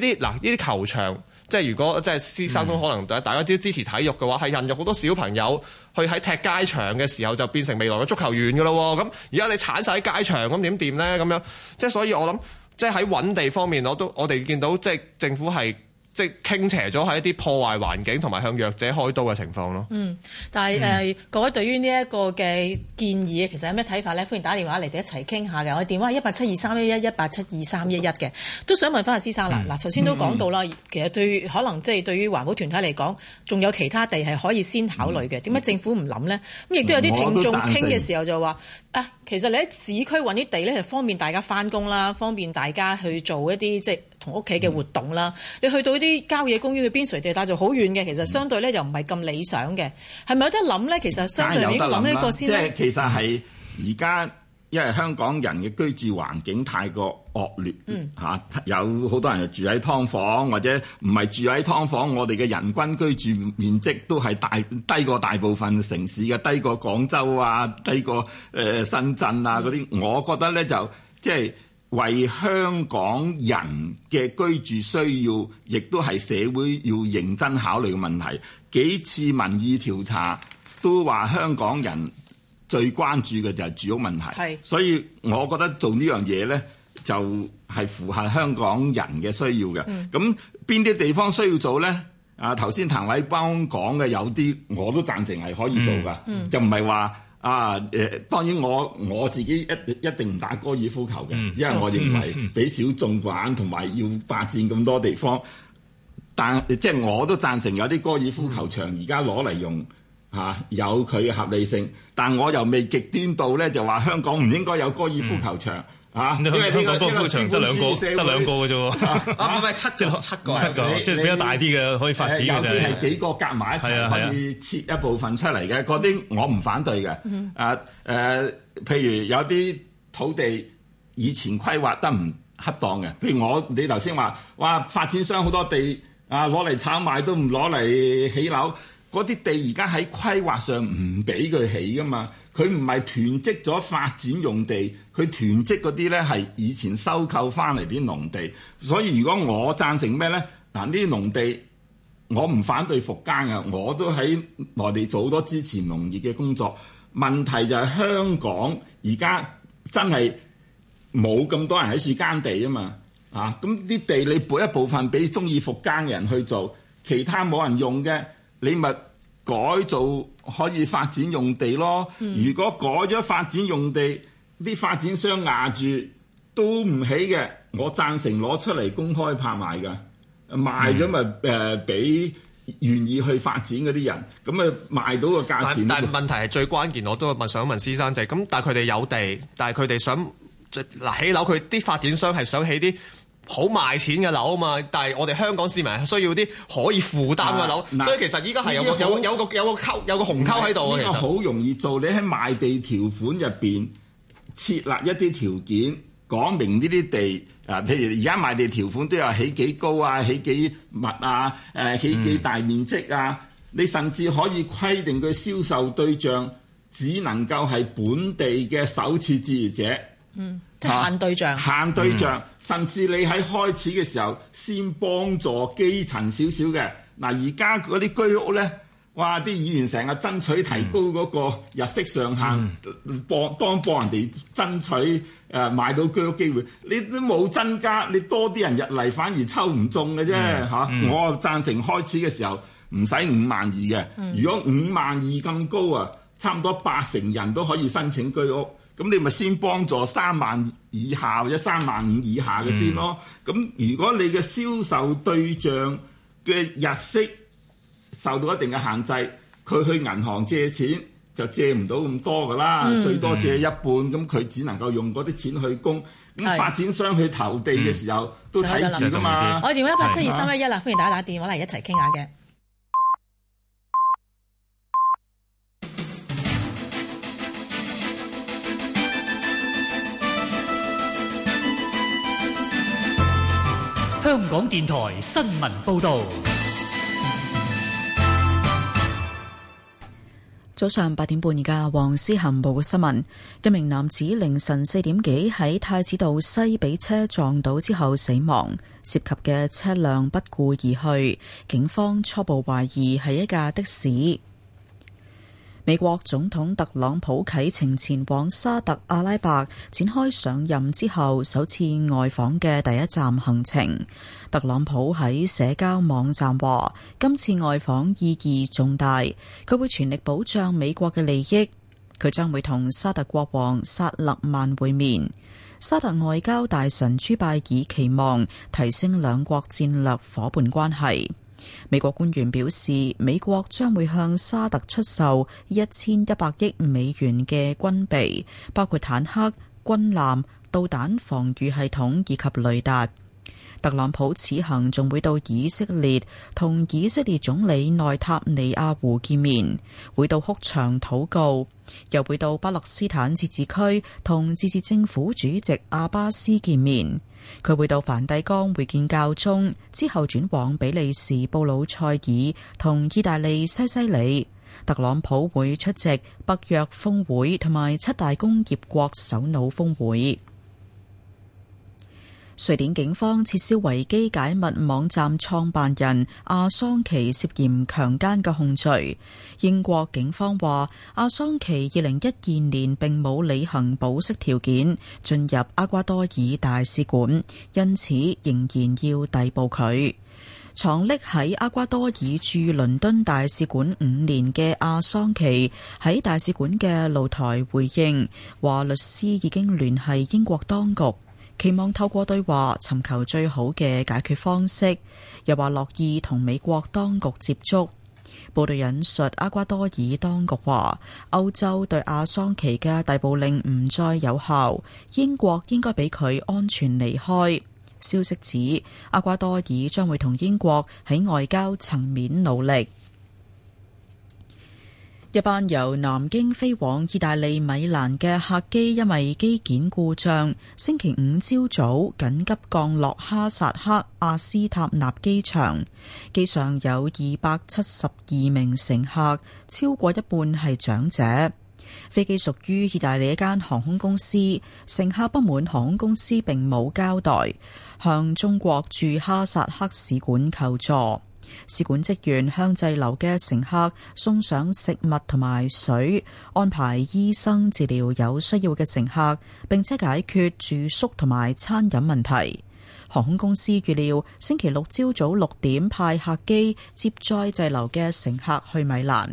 啲嗱依啲球場。即係如果即係師生都可能，大家支支持體育嘅話，係、嗯、引入好多小朋友去喺踢街場嘅時候，就變成未來嘅足球員噶咯。咁而家你鏟晒街場，咁點掂呢？咁樣即係所以我諗，即係喺揾地方面，我都我哋見到即係政府係。即係傾斜咗喺一啲破壞環境同埋向弱者開刀嘅情況咯。嗯，
但係誒、呃、各位對於呢一個嘅建議，其實有咩睇法呢？歡迎打電話嚟，哋一齊傾下嘅。我電話係一八七二三一一一八七二三一一嘅，都想問翻阿施生嗱嗱。頭先都講到啦，到嗯、其實對可能即係對於環保團體嚟講，仲有其他地係可以先考慮嘅。點解政府唔諗呢？咁亦都有啲聽眾傾嘅時候就話啊，其實你喺市區揾啲地呢，係方便大家翻工啦，方便大家去做一啲即同屋企嘅活動啦，嗯、你去到啲郊野公園嘅邊陲地帶就好遠嘅，其實相對咧又唔係咁理想嘅，係咪、嗯、有得諗咧？其實相對應該諗呢個先。即係其
實係而家，因為香港人嘅居住環境太過惡劣，嚇、嗯啊、有好多人住喺劏房，或者唔係住喺劏房，我哋嘅人均居住面積都係大低過大部分城市嘅，低過廣州啊，低過誒、呃、深圳啊嗰啲、嗯，我覺得咧就即係。為香港人嘅居住需要，亦都係社會要認真考慮嘅問題。幾次民意調查都話香港人最關注嘅就係住屋問題。係是，所以我覺得做呢樣嘢咧，就係、是、符合香港人嘅需要嘅。咁邊啲地方需要做咧？啊，頭先譚凱邦講嘅有啲，我都贊成係可以做噶，嗯嗯、就唔係話。啊，誒當然我我自己一一定唔打高爾夫球嘅，嗯、因為我認為俾小眾玩同埋要發展咁多地方，但即係我都贊成有啲高爾夫球場而家攞嚟用吓、啊，有佢嘅合理性，但我又未極端到咧就話香港唔應該有高爾夫球場。嗯嗯
嚇，你、啊、為香港高爾夫
場得兩個，得兩個嘅
啫喎，唔係七隻七個
七個，七個你即係比較大啲嘅可以發
展嘅就係幾個夾埋一齊，啊、可以切一部分出嚟嘅。嗰啲、啊啊、我唔反對嘅，啊誒、呃，譬如有啲土地以前規劃得唔恰當嘅，譬如我你頭先話話發展商好多地啊攞嚟炒賣都唔攞嚟起樓，嗰啲地而家喺規劃上唔俾佢起噶嘛。佢唔係囤積咗發展用地，佢囤積嗰啲咧係以前收購翻嚟啲農地，所以如果我贊成咩咧？嗱，呢啲農地我唔反對復耕嘅，我都喺內地做好多支持農業嘅工作。問題就係香港而家真係冇咁多人喺度耕地啊嘛，啊咁啲地你撥一部分俾中意復耕嘅人去做，其他冇人用嘅你咪。改造可以發展用地咯。如果改咗發展用地，啲發展商壓住都唔起嘅，我贊成攞出嚟公開拍賣㗎，賣咗咪誒俾願意去發展嗰啲人。咁咪賣到個價錢但。但係問題係最關鍵，我
都問想問先生就係咁，但係佢哋有地，但係佢哋想嗱起樓，佢啲發展商係想起啲。好賣錢嘅樓啊嘛，但係我哋香港市民係需要啲可以負擔嘅樓，啊、所以其實依家係有有有個有個溝有個鴻溝喺度，好
容易做，你喺賣地條款入邊設立一啲條件，講明呢啲地，啊，譬如而家賣地條款都有起幾高啊，起幾密啊，誒、啊，起幾大面積啊，嗯、你甚至可以規定佢銷售對象只能夠係本地嘅首次置業者。嗯。限對象，限對象，甚至你喺開始嘅時候先幫助基層少少嘅。嗱，而家嗰啲居屋呢，哇！啲議員成日爭取提高嗰個入息上限，幫、嗯、當幫人哋爭取誒買到居屋機會。你都冇增加，你多啲人入嚟反而抽唔中嘅啫。嚇、嗯，嗯、我贊成開始嘅時候唔使五萬二嘅。52，嗯、如果五萬二咁高啊，差唔多八成人都可以申請居屋。咁你咪先幫助三萬以下或者三萬五以下嘅先咯。咁、嗯、如果你嘅銷售對象嘅日息受到一定嘅限制，佢去銀行借錢就借唔到咁多噶啦，嗯、最多借一半，咁佢、嗯、只能夠用嗰啲錢去供。咁發展商去投地嘅時候是都睇住㗎嘛。嗯、我電話一八七二三一
一啦，對是 1, 歡迎大家打，打電話嚟一齊傾下嘅。
香港電台新聞報道：
早上八點半，而家黃思行報嘅新聞，一名男子凌晨四點幾喺太子道西畀車撞倒之後死亡，涉及嘅車輛不顧而去，警方初步懷疑係一架的士。美國總統特朗普啟程前往沙特阿拉伯，展開上任之後首次外訪嘅第一站行程。特朗普喺社交網站話：今次外訪意義重大，佢會全力保障美國嘅利益。佢將會同沙特國王薩勒曼會面。沙特外交大臣朱拜爾期望提升兩國戰略夥伴關係。美國官員表示，美國將會向沙特出售一千一百億美元嘅軍備，包括坦克、軍艦、導彈防禦系統以及雷達。特朗普此行仲會到以色列同以色列總理內塔尼亞胡見面，會到哭牆禱告，又會到巴勒斯坦自治區同自治政府主席阿巴斯見面。佢會到梵蒂岡會見教宗，之後轉往比利時布魯塞爾同意大利西西里。特朗普會出席北約峰會同埋七大工業國首腦峰會。瑞典警方撤銷維基解密網站創辦人阿桑奇涉嫌強姦嘅控罪。英國警方話，阿桑奇二零一二年並冇履行保釋條件，進入厄瓜多爾大使館，因此仍然要逮捕佢。藏匿喺厄瓜多爾駐倫敦大使館五年嘅阿桑奇喺大使館嘅露台回應，話律師已經聯繫英國當局。期望透過對話尋求最好嘅解決方式，又話樂意同美國當局接觸。報道引述阿瓜多爾當局話：歐洲對阿桑奇嘅逮捕令唔再有效，英國應該畀佢安全離開。消息指，阿瓜多爾將會同英國喺外交層面努力。一班由南京飛往意大利米蘭嘅客機，因為機件故障，星期五朝早緊急降落哈薩克阿斯塔納機場。機上有二百七十二名乘客，超過一半係長者。飛機屬於意大利一間航空公司。乘客不滿航空公司並冇交代，向中國駐哈薩克使館求助。使館職員向滯留嘅乘客送上食物同埋水，安排醫生治療有需要嘅乘客，並且解決住宿同埋餐飲問題。航空公司預料星期六朝早六點派客機接載滯留嘅乘客去米蘭。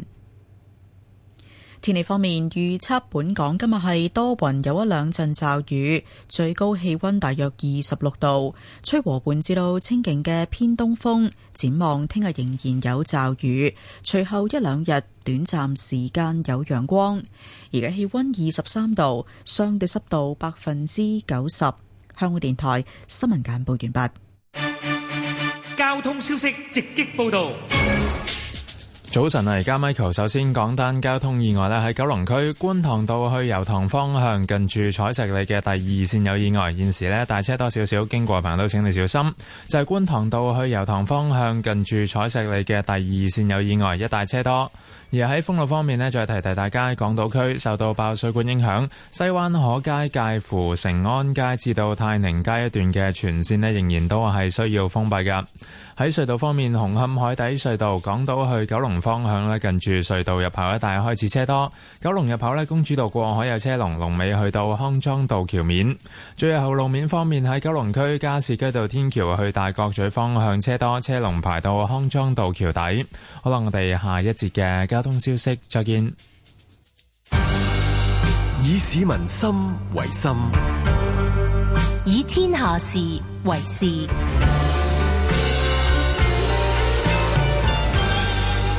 天氣方面，預測本港今日係多雲，有一兩陣驟雨，最高氣溫大約二十六度，吹和緩至到清勁嘅偏東風。展望聽日仍然有驟雨，隨後一兩日短暫時間有陽光，而家氣溫二十三度，相對濕度百分之九十。香港電台新聞簡報完畢。
交
通消息直擊報
道。
早晨啊，而家 Michael 首先講單交通意外咧，喺九龍區觀塘道去油塘方向近住彩石里嘅第二線有意外，現時咧大車多少少，經過朋友都請你小心。就係觀塘道去油塘方向近住彩石里嘅第二線有意外，一大車多。而喺封路方面咧，再提提大家，港島區受到爆水管影響，西灣河街介乎成安街至到泰寧街一段嘅全線咧仍然都係需要封閉噶。喺隧道方面，紅磡海底隧道港島去九龍。方向咧，近住隧道入口一帶開始車多。九龍入口咧，公主道過海有車龍，龍尾去到康莊道橋面。最後路面方面喺九龍區加士居道天橋去大角咀方向車多，車龍排到康莊道橋底。好啦，我哋下一節嘅交通消息，再見。以市民心為心，
以天下
事為事。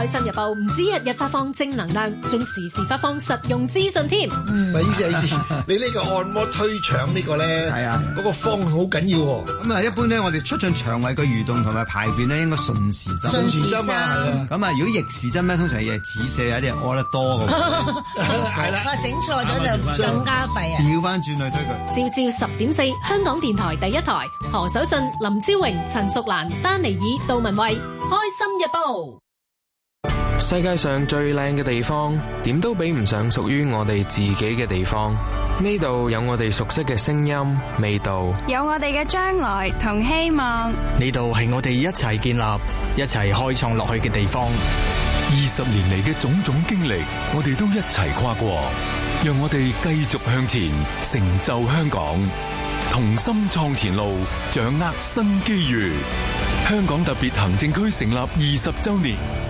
開心日報》唔止日日發放正能量，仲時時發放實用資訊添。
唔係、嗯，意思意思，
你呢個按摩推腸呢個咧，係啊，嗰個方好緊要喎。咁啊，一般咧，我哋促進
腸胃嘅蠕動同埋排便咧，應該順時針。順時針啊，係啊。咁啊，如果逆時針咧，通常係似射啊啲人屙得多
咁。係啦、啊，整錯咗就更加弊啊！調翻轉去推佢。朝朝十點四，香港電台第一台，何守信、林超榮、陳淑蘭、丹，蘭丹尼爾、杜文慧，《開心日報》。世
界上最靚嘅地方，點都比唔上屬於我哋自己嘅地方。呢度有我哋熟悉嘅聲音、味道，
有我哋嘅將來同希望。
呢度係我哋一齊建立、一齊開創落去嘅地方。二十年嚟嘅種種經歷，我哋都一齊跨過。讓我哋繼續向前，成就香港，同心創前路，掌握新機遇。香港特別行政區成立二十周年。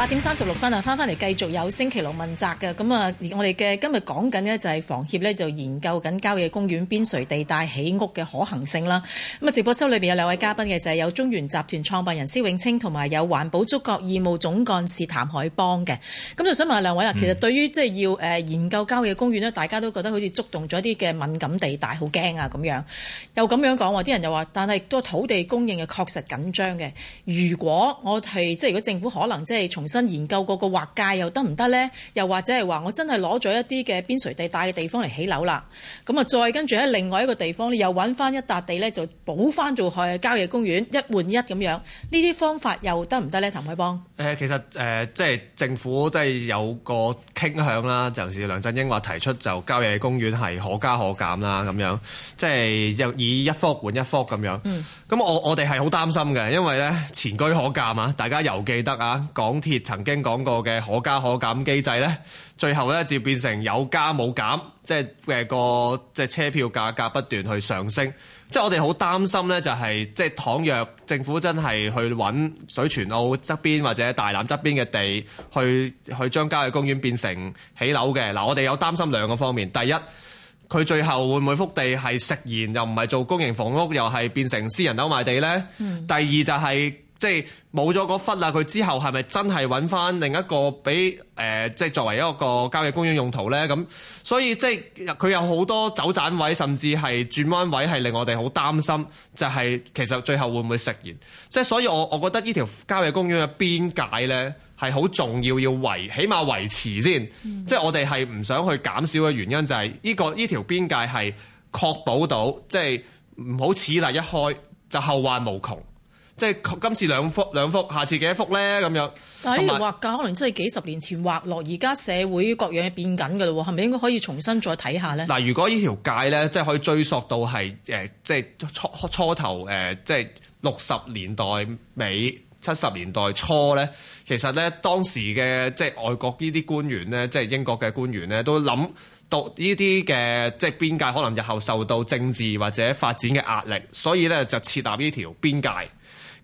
八點三十六分啊，翻翻嚟繼續有星期六問責嘅，咁啊，我哋嘅今日講緊呢，就係房協呢，就研究緊郊野公園邊陲地帶起屋嘅可行性啦。咁啊，直播室裏邊有兩位嘉賓嘅，就係、是、有中原集團創辦人施永青，同埋有環保觸覺義務總幹事譚凱邦嘅。咁就想問下兩位啦，嗯、其實對於即係要誒研究郊野公園呢，大家都覺得好似觸動咗啲嘅敏感地帶，好驚啊咁樣，又咁樣講話，啲人又話，但係個土地供應嘅確實緊張嘅。如果我係即係如果政府可能即係從新研究過個劃界又得唔得呢？又或者係話我真係攞咗一啲嘅邊陲地帶嘅地方嚟起樓啦，咁啊，再跟住喺另外一個地方咧，又揾翻一笪地呢，就補翻做去郊野公園一換一咁樣。呢啲方法又得唔得呢？譚凱邦，
誒，其實誒、呃，即係政府都係有個傾向啦，就係梁振英話提出就郊野公園係可加可減啦，咁樣即係又以一幅換一幅咁樣。嗯咁我我哋係好擔心嘅。因為呢，前居可減啊，大家又記得啊，港鐵曾經講過嘅可加可減機制呢，最後呢，就變成有加冇減，即係嘅個即係車票價格不斷去上升，即、就、係、是、我哋好擔心呢、就是，就係即係倘若政府真係去揾水泉澳側邊或者大南側邊嘅地去，去去將郊野公園變成起樓嘅，嗱我哋有擔心兩個方面，第一。佢最後會唔會覆地係食言，又唔係做公營房屋，又係變成私人樓賣地呢？嗯、第二就係、是。即係冇咗嗰忽啦，佢之後係咪真係揾翻另一個俾誒、呃，即係作為一個郊野公園用途呢？咁、嗯、所以即係佢有好多走盞位，甚至係轉彎位，係令我哋好擔心。就係其實最後會唔會食完？即係所以我我覺得呢條郊野公園嘅邊界呢，係好重要，要維起碼維持先。嗯、即係我哋係唔想去減少嘅原因就、這個，就係呢個呢條邊界係確保到，即係唔好此例一開就後患無窮。即係今次兩幅兩幅，下次幾多幅呢？咁樣啊，但畫
界有可能真係幾十年前畫落，而家社會各樣嘢變緊㗎啦，係咪應該可以重新再睇下呢？嗱，
如果呢條界呢，即係可以追溯到係誒，即係初初頭誒，即係六十年代尾、七十年代初呢。其實呢，當時嘅即係外國呢啲官員呢，即係英國嘅官員呢，都諗到呢啲嘅即係邊界可能日後受到政治或者發展嘅壓力，所以呢，就設立呢條邊界。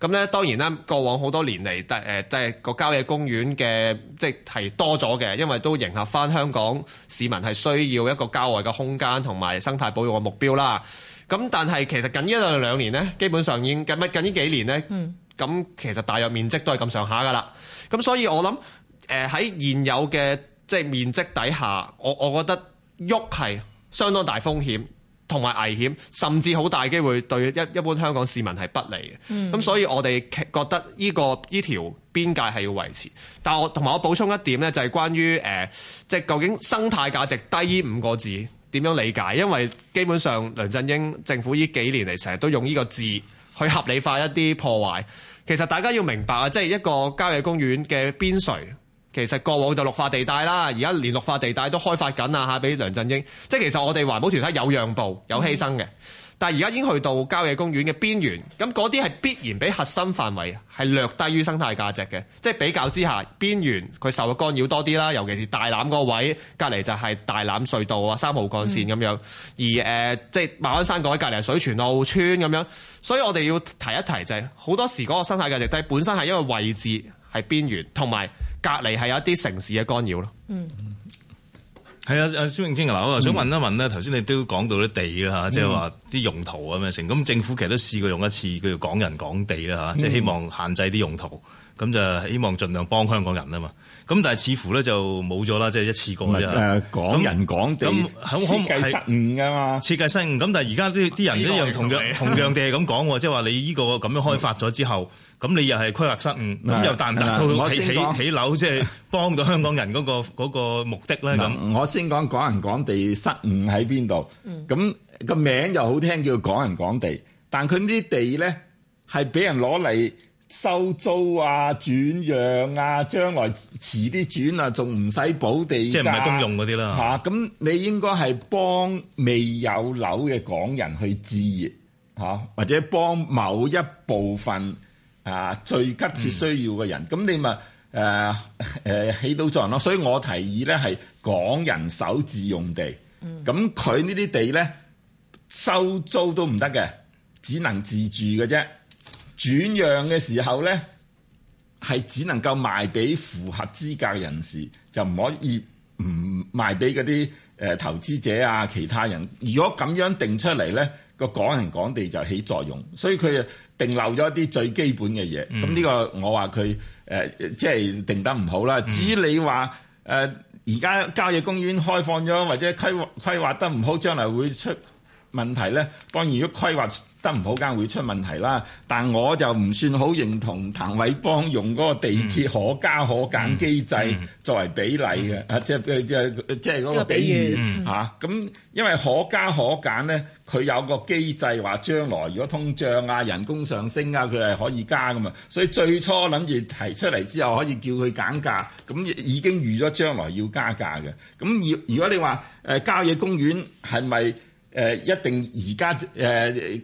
咁咧當然啦，過往好多年嚟，誒即係個郊野公園嘅即係多咗嘅，因為都迎合翻香港市民係需要一個郊外嘅空間同埋生態保育嘅目標啦。咁但係其實近一兩兩年呢，基本上已經近咪近呢幾年呢，咁、嗯、其實大約面積都係咁上下噶啦。咁所以我諗誒喺現有嘅即係面積底下，我我覺得喐係相當大風險。同埋危險，甚至好大機會對一一般香港市民係不利嘅。咁、嗯、所以我哋覺得呢、呢個、呢個、條邊界係要維持。但我同埋我補充一點呢，就係關於誒、呃，即究竟生態價值低於五個字點樣理解？因為基本上梁振英政府呢幾年嚟成日都用呢個字去合理化一啲破壞。其實大家要明白啊，即、就、係、是、一個郊野公園嘅邊陲。其實過往就綠化地帶啦，而家連綠化地帶都開發緊啊！嚇，俾梁振英即係其實我哋環保團體有讓步、有犧牲嘅，但係而家已經去到郊野公園嘅邊緣咁，嗰啲係必然比核心範圍係略低於生態價值嘅，即係比較之下邊緣佢受嘅干擾多啲啦。尤其是大欖嗰位隔離就係大欖隧道啊、三號幹線咁樣，嗯、而誒、呃、即係馬鞍山嗰位隔離係水泉澳村咁樣，所以我哋要提一提就係、是、好多時嗰個生態價值低本身係一個位置係
邊緣同埋。隔離係有一啲城市嘅干擾咯，
嗯，
係啊。阿蕭永清嗱，我啊、嗯、 想問一問咧，頭先你都講到啲地啦，即係話啲用途咁樣成咁，政府其實都試過用一次叫做港人港地啦，嚇，即係希望限制啲用途，咁就希望盡量幫香港人啊嘛。咁但係似乎咧就冇咗啦，即係一次過啫。誒，港人港地設計失誤㗎嘛？設計失誤咁，但係而家啲啲人一樣同樣同樣地係咁講喎，即係話你呢個咁樣開發咗之後，咁你又係規劃失誤，咁又達唔達到起起起樓即係幫到香港人嗰個嗰個目的咧？咁
我先講港人港地失誤喺邊度？咁個名又好聽叫港人港地，但係佢呢啲地咧係俾人攞嚟。收租啊、轉讓啊，將來遲啲轉啊，仲唔使補地價，即係唔係公用嗰啲啦嚇咁、啊，你應該係幫未有樓嘅港人去置業嚇、啊，或者幫某一部分啊最急切需要嘅人，咁、嗯、你咪誒誒起到作用咯。所以我提議咧係港人首置自用地，咁佢、嗯、呢啲地咧收租都唔得嘅，只能自住嘅啫。轉讓嘅時候咧，係只能夠賣俾符合資格人士，就唔可以唔賣俾嗰啲誒投資者啊其他人。如果咁樣定出嚟咧，個港人港地就起作用，所以佢啊定漏咗一啲最基本嘅嘢。咁呢、嗯、個我話佢誒即係定得唔好啦。至於你話誒而家郊野公園開放咗或者規劃規劃得唔好，將來會出問題咧？當然，如果規劃得唔好間會出問題啦，但我就唔算好認同譚凱邦用嗰個地鐵、嗯、可加可減機制作為比例嘅，嗯、啊即係即係即係嗰個比喻嚇。咁、啊、因為可加可減咧，佢有個機制話將來如果通脹啊、人工上升啊，佢係可以加噶嘛。所以最初諗住提出嚟之後可以叫佢減價，咁、嗯、已經預咗將來要加價嘅。咁如如果你話誒郊野公園係咪誒一定而家誒？呃呃呃呃呃呃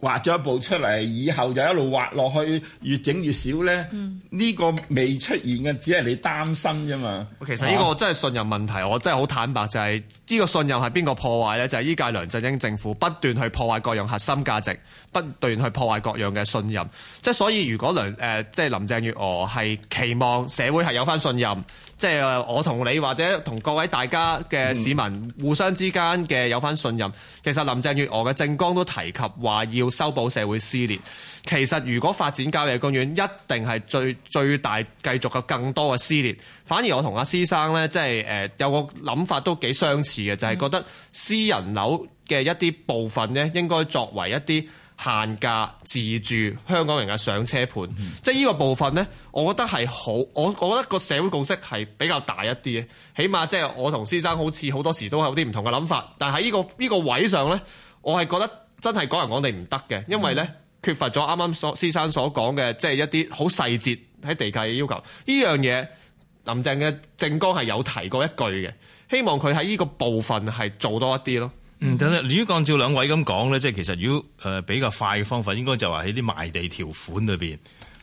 畫咗一步出嚟，以後就一路畫落去，越整越少咧。呢、嗯、個未出現嘅，只係你擔心啫嘛。其實呢個
真係信任問題，我真係好坦白、就是，就係呢個信任係邊個破壞呢？就係、是、依屆梁振英政府不斷去破壞各樣核心價值。不斷去破壞各樣嘅信任，即係所以如果梁誒、呃、即係林鄭月娥係期望社會係有返信任，即係我同你或者同各位大家嘅市民互相之間嘅有返信任。嗯、其實林鄭月娥嘅政綱都提及話要修補社會撕裂。其實如果發展郊野公園，一定係最最大繼續嘅更多嘅撕裂。反而我同阿施生呢，即係誒、呃、有個諗法都幾相似嘅，就係、是、覺得私人樓嘅一啲部分呢，應該作為一啲，限價自住香港人嘅上車盤，嗯、即係依個部分呢，我覺得係好，我覺得個社會共識係比較大一啲，起碼即係我同施先生好似好多時都有啲唔同嘅諗法，但喺呢、呢個依、呢個位上呢，我係覺得真係講人講地唔得嘅，因為呢，缺乏咗啱啱所、施、先生所講嘅即係一啲好細節喺地界嘅要求。呢樣嘢林鄭嘅政綱係有提過一句嘅，希望佢喺
呢個部分係做多一啲咯。嗯，但係如果按照兩位咁講咧，即係其實如果誒、呃、比較快嘅方法，應該就話喺啲賣地條款裏邊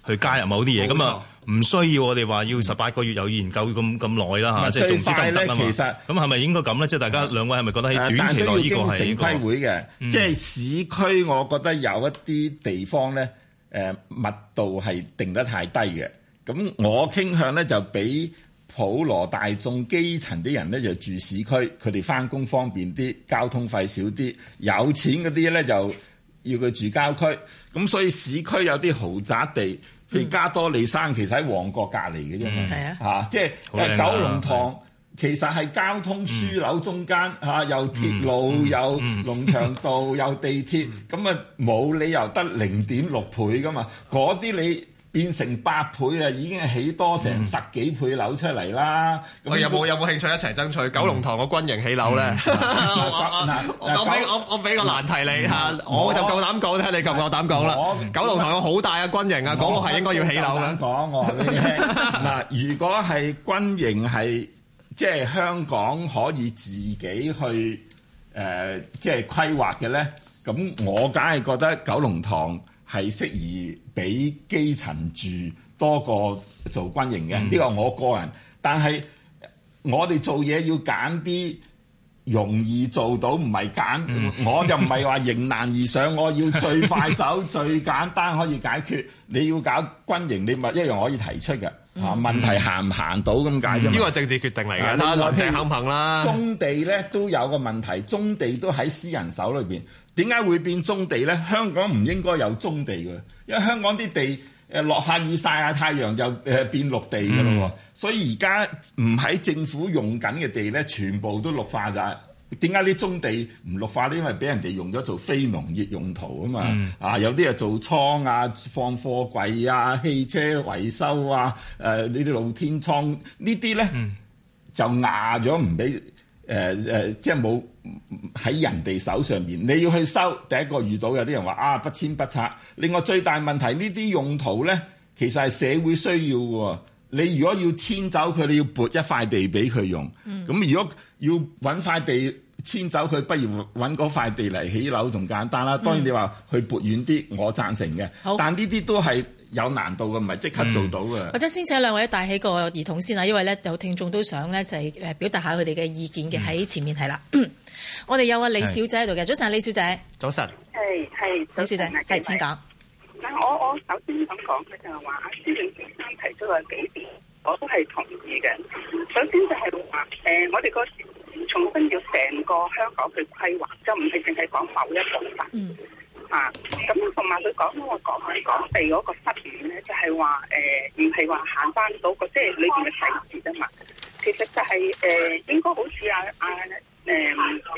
去加入某啲嘢，咁啊唔需要我哋話要十八個月有研究咁咁耐啦嚇，即係仲之得唔得啊？其實咁係咪應該咁咧？即係大家、嗯、兩位係咪覺得喺短期內呢個係應該？城規會嘅、
嗯，嗯、即係市區，我覺得有一啲地方咧，誒、呃、密度係定得太低嘅。咁我傾向咧就俾。普羅大眾、基層啲人咧就住市區，佢哋翻工方便啲，交通費少啲。有錢嗰啲咧就要佢住郊區。咁所以市區有啲豪宅地，譬如加多利山，其實喺旺角隔離嘅啫嘛。嗯、啊，嚇、啊，即係九龍塘其實係交通樞紐中間嚇，又、嗯啊、鐵路、嗯、有龍翔道、嗯、有地鐵，咁啊冇理由得零點六倍噶嘛。嗰啲你。變成八倍啊！已經係起多成十幾倍樓出嚟啦。咁有
冇有冇興趣一齊爭取九龍塘個軍營起樓咧？我我俾我我俾個難題你嚇，我就夠膽
講，睇你夠唔夠膽講啦？九龍塘有好大嘅軍營啊，嗰個係應該要起樓嘅。講我嗱，如果係軍營係即係香港可以自己去誒，即係規劃嘅咧，咁我梗係覺得九龍塘。係適宜俾基層住多過做軍營嘅，呢個、嗯、係我個人。但係我哋做嘢要揀啲。容易做到唔係揀，嗯、 我就唔係話迎難而上，我要最快手、 最簡單可以解決。你要搞軍營，你咪一樣可以提出嘅。啊，問題，行唔行到咁解？啫、嗯。呢、嗯、個政治決定嚟嘅，睇下林鄭肯唔肯啦。中地咧都有個問題，中地都喺私人手裏邊，點解會變中地咧？香港唔應該有中地嘅，因為香港啲地。誒落下雨曬下太陽就誒變綠地㗎咯喎，mm. 所以而家唔喺政府用緊嘅地咧，全部都綠化晒。點解啲棕地唔綠化呢？因為俾人哋用咗做非農業用途啊嘛。Mm. 啊，有啲啊做倉啊、放貨櫃啊、汽車維修啊、誒呢啲露天倉呢啲咧、mm. 就壓咗唔俾誒誒，即係冇。喺人哋手上面，你要去收，第一個遇到有啲人話啊不遷不拆。另外最大問題呢啲用途呢，其實係社會需要嘅。你如果要遷走佢，你要撥一塊地俾佢用。咁、嗯、如果要揾塊地遷走佢，不如揾嗰塊地嚟起樓仲簡單啦。當然你話、嗯、去撥遠啲，我贊成嘅。好但呢啲都係。有難度嘅，唔係即刻做到嘅。嗯、或者
先請兩位帶起個兒童先啦，因為咧有聽眾都想咧就係誒表達下佢哋嘅意見嘅喺、嗯、前面係啦。 我哋有阿李小姐喺度嘅，早晨，李小姐。
早晨。係係，李小姐，係
請講。我我首先想講嘅就係
話，先生先生提出嘅幾點，我都係同意嘅。首先就係話誒，我哋個重新要成個香港嘅規劃，就唔係淨係講某一部分。Mm. 啊，咁同埋佢講到我講嘅港地嗰個失戀咧，就係話誒，唔係話行翻到個，即係裏邊嘅細節啊嘛。其實就係、是、誒、呃，應該好似阿阿誒先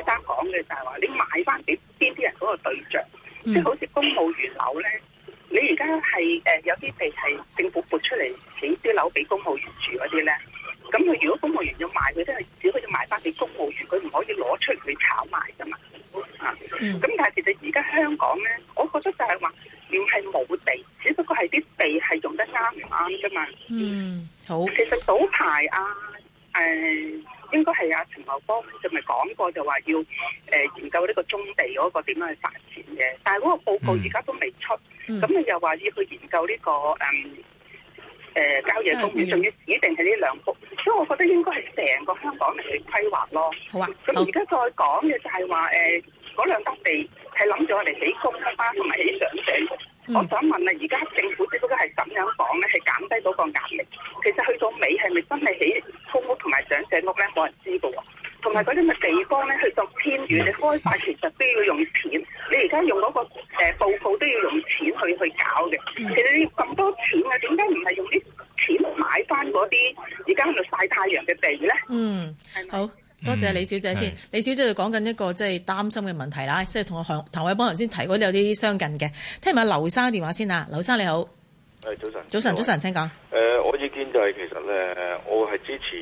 生講嘅、就是，就係話你買翻俾邊啲人嗰個對象，即係好似公務員樓咧，你而家係誒有啲地係政府撥出嚟起啲樓俾公務員住嗰啲咧，咁佢如果公務員要賣，佢真係只可以賣翻俾公務員，佢唔可以攞出嚟去炒賣噶嘛。咁、嗯、但係其實而家香港咧，我覺得就係話要係冇地，只不過係啲地係用得啱唔啱啫嘛。嗯，好。其實早排啊，誒、呃，應該係阿陳茂波仲咪講過就，就話要誒研究呢個棕地嗰個點樣去發展嘅。但係嗰個報告而家都未出，咁、嗯、你又話要去研究呢、這個誒誒郊野公園，仲要指定係呢兩幅，所以我覺得應該係成個香港嚟去規劃咯。好啊，咁而家再講嘅就係話誒。呃嗰兩笪地係諗住我哋起公屋啦，同埋起上社。我想問啊，而家政府只不過係咁樣講咧，係減低到個壓力。其實去到尾係咪真係起公屋同埋上社屋咧？冇人知嘅喎。同埋嗰啲嘅地方咧，去到偏遠，你開發其實都要用錢。你而家用嗰個誒報告都要用錢去去搞嘅。其實你咁多錢啊？點解唔係用啲錢買翻嗰啲而家喺度晒太陽嘅地咧？嗯，
好、嗯。 嗯多謝李小姐先。是李小姐就講緊一個即係擔心嘅問題啦，即係同我譚譚凱邦頭先提過嗰啲有啲相近嘅。聽下劉生電話先啊，劉生你好。
誒，早晨。早晨，早晨，請講。誒，我
意見就係、是、其實咧，我係支持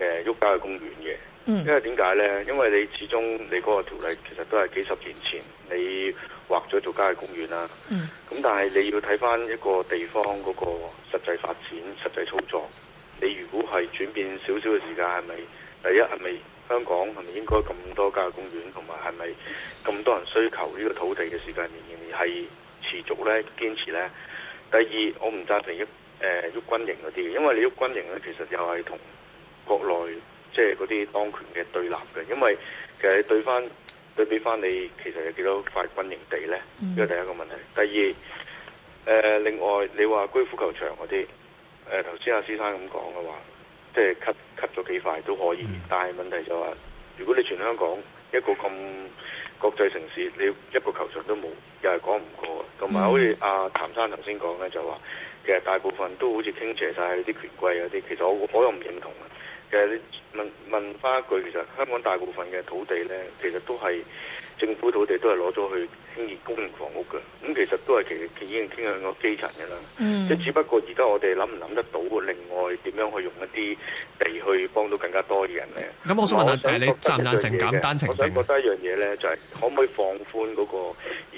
誒郊野嘅公園嘅。因為點解咧？因為你始終你嗰個條例其實都係幾十年前你劃咗做郊野嘅公園啦。嗯。咁但係你要睇返一個地方嗰個實際發展、實際操作，你如果係轉變少少嘅時間，係咪？第一，係咪香港係咪應該咁多郊野公園，同埋係咪咁多人需求呢個土地嘅時間仍然面係持續咧、堅持咧？第二，我唔贊成一誒喐軍營嗰啲，因為你喐軍營咧，其實又係同國內即係嗰啲當權嘅對立嘅，因為其實你對翻對比翻你其實有幾多塊軍營地咧，呢、呢個第一個問題。第二，誒、呃、另外你話居乎球場嗰啲，誒頭先施先生咁講嘅話。即係吸吸咗幾塊都可以，mm hmm. 但係問題就話，如果你全香港一個咁國際城市，你一個球場都冇，又係講唔過，同埋好似阿譚生頭先講咧，就話其實大部分都好似傾斜曬啲權貴嗰啲，其實我我又唔認同啊。誒問問翻一句，其實香港大部分嘅土地咧，其實都係政府土地，都係攞咗去興建公營房屋嘅。咁其實都係其實已經傾向個基層嘅啦。即、嗯、只不過而家我哋諗唔諗得到另外點樣去用一啲地去幫到更加多嘅人咧。咁、
嗯、我，我想問下誒，你
贊唔贊成減單程證？我想覺得一樣嘢咧，就係、是、可唔可以放寬嗰、那個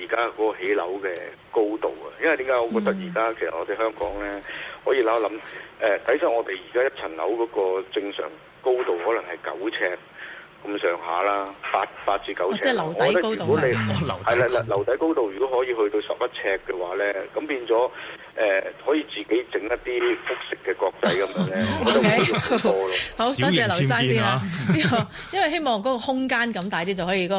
而家嗰個起樓嘅高度啊？因為點解我覺得而家其實我哋香港咧可以諗一諗。誒，睇、呃、上我哋而家一層樓嗰個正常高度，可能係九尺。咁上下啦，八八至九尺，我覺得如果你係啦，樓底高度如果可以去到十一尺嘅話咧，咁變咗誒可以自己整一啲複式嘅
閣仔咁樣咧，我覺得可以好多咯。好多謝劉生先啦，
因為希望嗰個空間咁大啲就可以嗰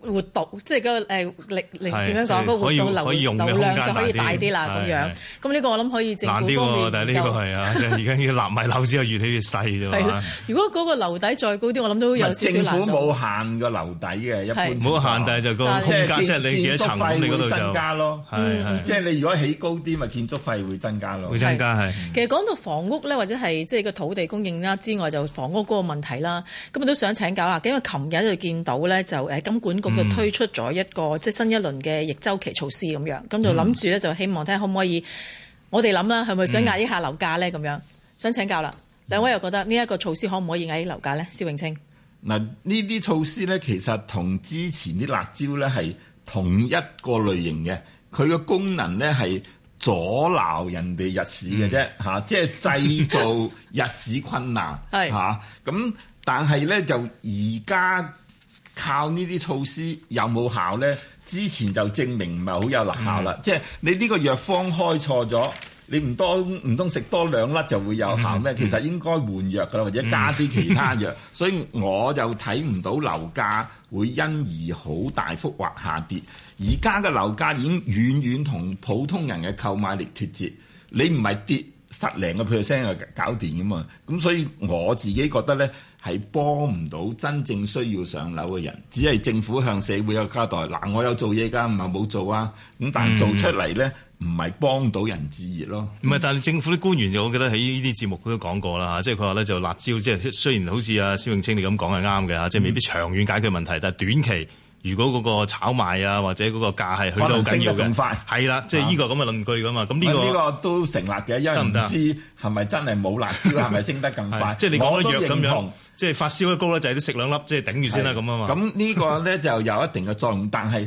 個活動，即係嗰個誒力力點樣講，嗰個活動流流量就可以大啲啦咁樣。咁呢個我諗可以政府方面就可以可以用嘅空間大啲。慢啲喎，但
係呢個係啊，而家啲納米樓之後越嚟越細啫嘛。
如果嗰個樓底再高啲，我諗都有少。政府冇
限個樓底嘅，唔冇限，但係就個空間即係你幾層，你度增加咯。係，即係你如果起高啲，咪建築費會增加咯。會增加係。
其實講到房屋咧，或者係即係個土地供應啦之外，就是、房屋嗰個問題啦。咁我都想請教下，因為琴日就見到咧，就誒金管局就推出咗一個、嗯、即係新一輪嘅逆周期措施咁樣，咁就諗住咧就希望睇下可唔可以、嗯、我哋諗啦，係咪想壓抑下樓價咧？咁樣想請教啦，兩位又覺得呢一個措施可唔可以壓抑樓價咧？施永青。
嗱，呢啲措施咧，其實同之前啲辣椒咧係同一個類型嘅，佢嘅功能咧係阻撓人哋入市嘅啫，嚇、嗯，即係製造入市困難，嚇 是。咁但係咧，就而家靠呢啲措施有冇效咧？之前就證明唔係好有立效啦，嗯、是即係你呢個藥方開錯咗。你唔多唔通食多兩粒就會有效咩？嗯嗯、其實應該換藥噶啦，或者加啲其他藥。嗯、所以我又睇唔到樓價會因而好大幅或下跌。而家嘅樓價已經遠遠同普通人嘅購買力脫節。你唔係跌十零個 percent 就搞掂噶嘛？咁所以我自己覺得咧，係幫唔到真正需要上樓嘅人。只係政府向社會有交代。嗱、啊，我有做嘢㗎，唔係冇做啊。咁但係做出嚟咧。嗯唔係幫到人置業咯，
唔係，但係政府啲官員就我記得喺呢啲節目都講過啦，即係佢話咧，就是、辣椒，即係雖然好似阿施永青你咁講係啱嘅嚇，即、就、係、是、未必長遠解決問題，但係短期如果嗰個炒賣啊或者嗰個價係去到緊要咁快，係啦、啊，即係呢個咁嘅論據噶嘛。咁呢、這個呢、啊這個
都成立嘅，因為唔知係咪真係冇辣椒，係咪 升得咁快？即係、 就是、你講得藥咁樣，
即係發燒一高咧就係啲食兩粒，即係頂住先啦咁啊嘛。咁
呢個咧就有一定嘅作用， 但係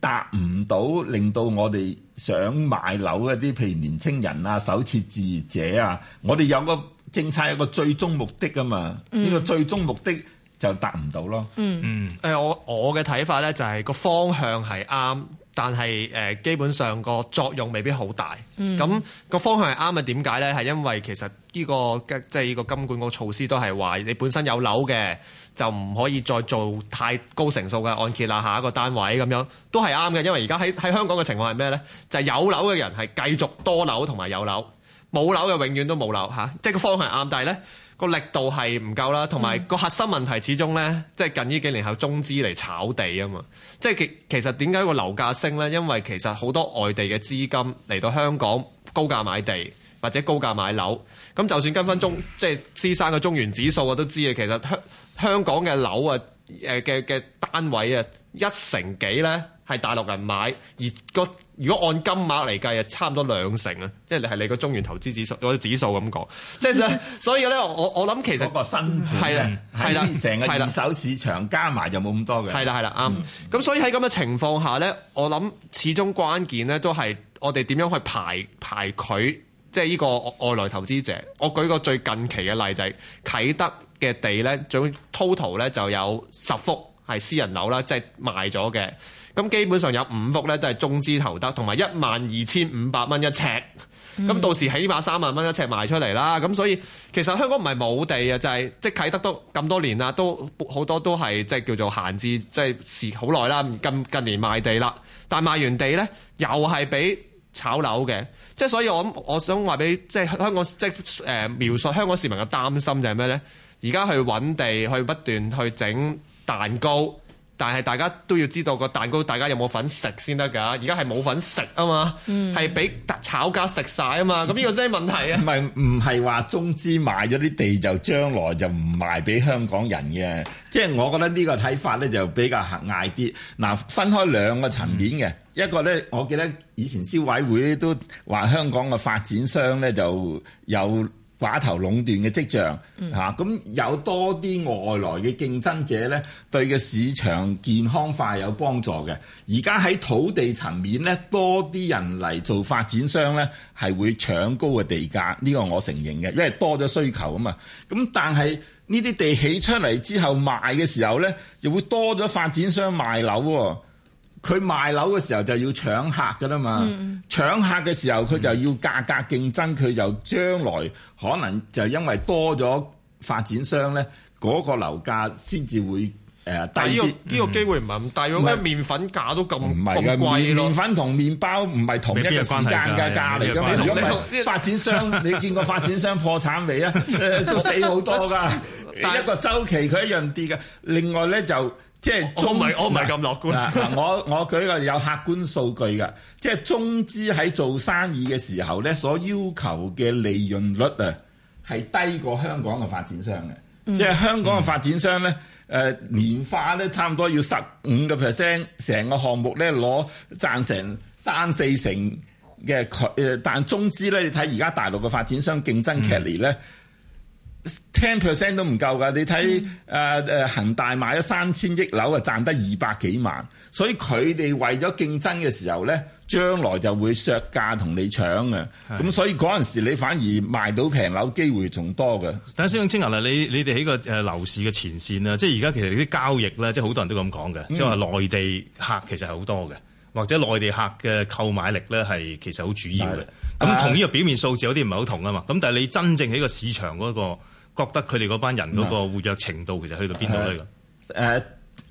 達唔到令到我哋。想買樓嗰啲，譬如年青人啊、首次置業者啊，我哋有個政策，有個最終目的啊嘛，呢、嗯、個最終目的就達唔到咯。
嗯，誒、嗯呃、我我嘅睇法咧就係、是、個方向係啱。但係誒、呃，基本上個作用未必好大。咁個、嗯、方向係啱嘅，點解呢？係因為其實呢、呢個即係呢個金管個措施都係話，你本身有樓嘅就唔可以再做太高成數嘅按揭啦。下一個單位咁樣都係啱嘅，因為而家喺喺香港嘅情況係咩呢？就係、係、有樓嘅人係繼續多樓同埋有樓，冇樓嘅永遠都冇樓嚇。即係個方向係啱，但係呢。個力度係唔夠啦，同埋個核心問題始終呢，即係近呢幾年靠中資嚟炒地啊嘛，即係其其實點解個樓價升呢？因為其實好多外地嘅資金嚟到香港高價買地或者高價買樓，咁就算跟翻中即係施生嘅中原指數我都知啊。其實香香港嘅樓啊，誒嘅嘅單位啊，一成幾呢係大陸人買，而個。如果按金額嚟計啊，差唔多兩成啊，即係你係你個中原投資指數，我指數咁講，即係 所以咧，我我諗其實係啦，係啦，成個二手市場加埋就冇咁多嘅，係啦係啦啱。咁所以喺咁嘅情況下咧， 我諗始終關鍵咧都係我哋點樣去排排佢，即係呢個外來投資者。我舉個最近期嘅例就係啟德嘅地咧，總 total 咧就有十幅係私人樓啦，即係賣咗嘅。咁基本上有五幅咧，都係中資投得，同埋一萬二千五百蚊一尺。咁、嗯、到時起碼三萬蚊一尺賣出嚟啦。咁所以其實香港唔係冇地啊，就係、係、即係啟德都咁多年啦，都好多都係即係叫做閒置，即係時好耐啦。近近年賣地啦，但賣完地呢，又係俾炒樓嘅。即係所以我想我想話俾即係香港即係誒、呃、描述香港市民嘅擔心就係咩呢？而家去揾地去不斷去整蛋糕。但係大家都要知道個蛋糕，大家有冇份食先得㗎？而家係冇份食
啊嘛，係俾、嗯、炒家食晒啊嘛。咁呢個先係問題啊。唔係唔係話中資買咗啲地就將來就唔賣俾香港人嘅，即係我覺得呢個睇法咧就比較狹隘啲。嗱、啊，分開兩個層面嘅，嗯、一個咧，我記得以前消委會都話香港嘅發展商咧就有。寡頭壟斷嘅跡象嚇，咁、嗯、有多啲外來嘅競爭者咧，對個市場健康化有幫助嘅。而家喺土地層面咧，多啲人嚟做發展商咧，係會搶高嘅地價，呢個我承認嘅，因為多咗需求啊嘛。咁但係呢啲地起出嚟之後賣嘅時候咧，又會多咗發展商賣樓。佢賣樓嘅時候就要搶客噶啦嘛、嗯，搶客嘅時候佢就要價格競爭，佢就將來可能就因為多咗發展商咧，嗰個樓價先至會誒低啲呢、嗯、個機會唔係咁大。有咩是麵粉價都咁咁貴？麵粉同麵包唔係同一個時間嘅價嚟㗎嘛？如果發展商，啊、你見過發展商破產未啊？ 都死好多㗎。是一個週期佢一樣跌㗎。另外咧就。即係仲唔我唔係咁樂觀。嗱 我我，我舉個有客觀數據嘅，即係中資喺做生意嘅時候咧，所要求嘅利潤率啊，係低過香港嘅發展商嘅。嗯、即係香港嘅發展商咧，誒年化咧差唔多要十五個 percent，成個項目咧攞賺成三四成嘅佢，但中資咧，你睇而家大陸嘅發展商競爭劇烈咧。嗯 ten percent 都唔夠㗎，你睇誒誒恒大買咗三千億樓啊，賺得二百幾萬，所以佢哋為咗競爭嘅時候咧，將來就會削價同你搶啊，咁的所以嗰陣時你反而賣到平樓機會仲多嘅。
等下施永青啊，嗱你你哋喺個誒樓市嘅前線啦，即係而家其實啲交易咧，即係好多人都咁講嘅，嗯、即係話內地客其實係好多嘅，或者內地客嘅購買力咧係其實好主要嘅。咁的、啊、同呢個表面數字有啲唔係好同啊嘛。咁但係你真正喺個
市場嗰、那個覺得佢哋嗰班人嗰個活躍程度其實去到邊度咧？誒、嗯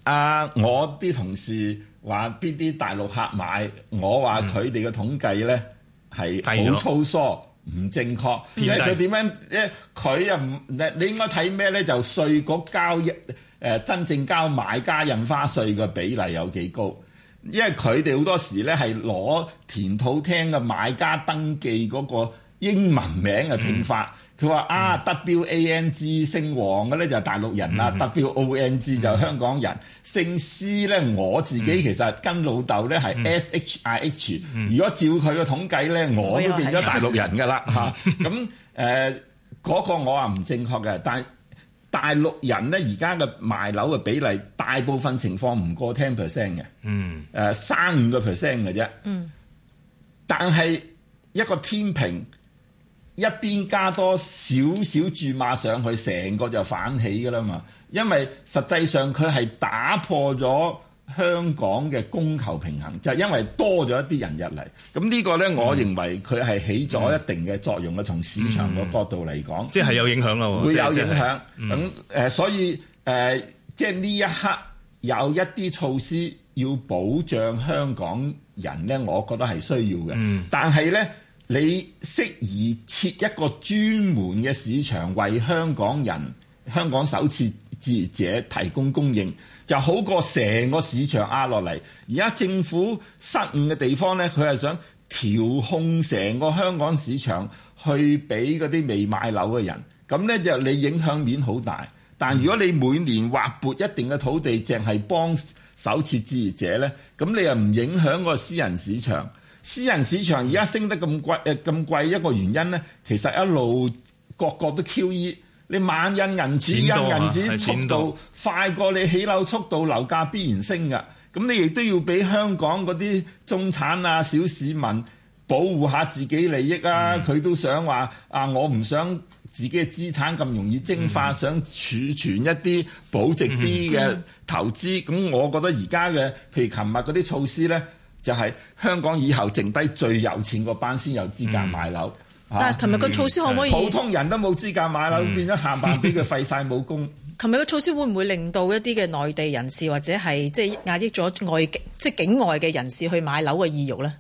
呃、啊！我啲同事話邊啲大陸客買，我話佢哋嘅統計咧係好粗疏唔低正確，因為佢點樣？一佢又唔你應該睇咩咧？就稅局交一誒、呃、真正交買家印花稅嘅比例有幾高？因為佢哋好多時咧係攞田土廳嘅買家登記嗰個英文名嘅拼法。嗯佢話啊，W A N G 姓王嘅咧就係大陸人啦，W O N G 就係香港人。姓施咧，我自己其實跟老豆咧係 S H I H。如果照佢嘅統計咧，我都變咗大陸人㗎啦嚇。咁誒嗰個我話唔正確嘅，但大陸人咧而家嘅賣樓嘅比例，大部分情況唔過 ten percent 嘅。
嗯。
誒三五個 percent 嘅啫。
嗯。
但係一個天平。一邊加多少少注碼上去，成個就反起噶啦嘛。因為實際上佢係打破咗香港嘅供求平衡，就係、因為多咗一啲人入嚟。咁呢個咧，嗯、我認為佢係起咗一定嘅作用嘅，嗯、從市場個角度嚟講，嗯嗯、即係有影響咯，會有影響。咁誒、嗯嗯，所以誒、呃，即係呢一刻有一啲措施要保障香港人咧，我覺得係需要嘅。嗯，但係咧。你適宜設一個專門嘅市場為香港人、香港首次置業者提供供應，就好過成個市場壓落嚟。而家政府失誤嘅地方咧，佢係想調控成個香港市場去俾嗰啲未買樓嘅人。咁咧就你影響面好大。但如果你每年劃撥一定嘅土地，淨係幫首次置業者咧，咁你又唔影響個私人市場。私人市場而家升得咁貴，誒咁、嗯呃、貴一個原因咧，其實一路個個都 QE，你猛印銀紙、啊、印銀紙速度快過你起樓速度，樓價必然升噶。咁你亦都要俾香港嗰啲中產啊、小市民保護下自己利益啊，佢、嗯、都想話啊，我唔想自己嘅資產咁容易蒸發，嗯、想儲存一啲保值啲嘅投資。咁我覺得而家嘅譬如琴日嗰啲措施咧。就係香港以後剩低最有錢嗰班先有資格買樓。但係、嗯，琴日個措施可唔可以普通人都冇資格買樓，變咗限版俾佢廢晒武功？
琴日個措施會唔會令到一啲嘅內地人士或者係即係壓抑咗外境即係境外嘅人士去買樓嘅意欲咧？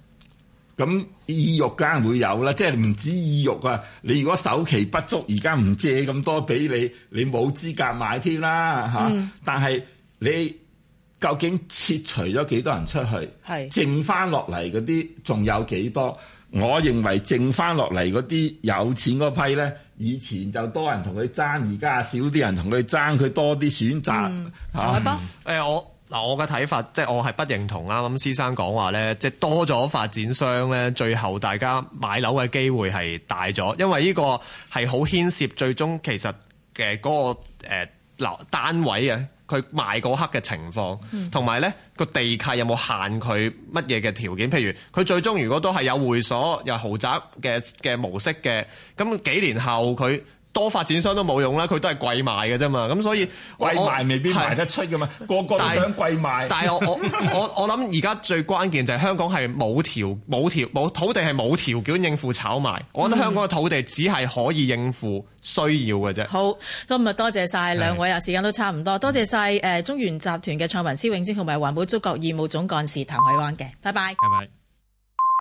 咁意欲梗係會有啦，即係唔止意欲啊！你如果首期不足，而家唔借咁多俾你，你冇資格買添啦嚇。啊嗯、但係你。究竟撤除咗幾多人出去？係是剩翻落嚟嗰啲仲有幾多？我認為剩翻落嚟嗰啲有錢嗰批咧，以前就多人同佢爭，而家少啲人同佢爭，佢多啲選擇嚇。
誒，我嗱我嘅睇法，即係我係不認同啊。施先生講話咧，即係多咗發展商咧，最後大家買樓嘅機會係大咗，因為呢個係好牽涉最終其實嘅嗰、嗰個誒樓、呃、單位啊。佢賣嗰刻嘅情況，同埋咧個地契有冇限佢乜嘢嘅條件？譬如佢最終如果都係有會所又係豪宅嘅嘅模式嘅，咁幾年後佢。多發展商都冇用啦，佢都係貴賣嘅啫嘛，咁所以貴賣未必賣得
出噶嘛，我是個，個個都想貴賣。但係我我
我我諗而家最關鍵就係香港係冇條冇條冇土地係冇條件應付炒賣，我覺得香港嘅土地只係可以應付需要嘅啫。嗯、
好，咁咪多謝晒兩位啊，是時間都差唔多，多謝晒誒中原集團嘅創辦人施永青同埋環保觸覺義務總幹事譚凱邦嘅，拜拜。拜拜。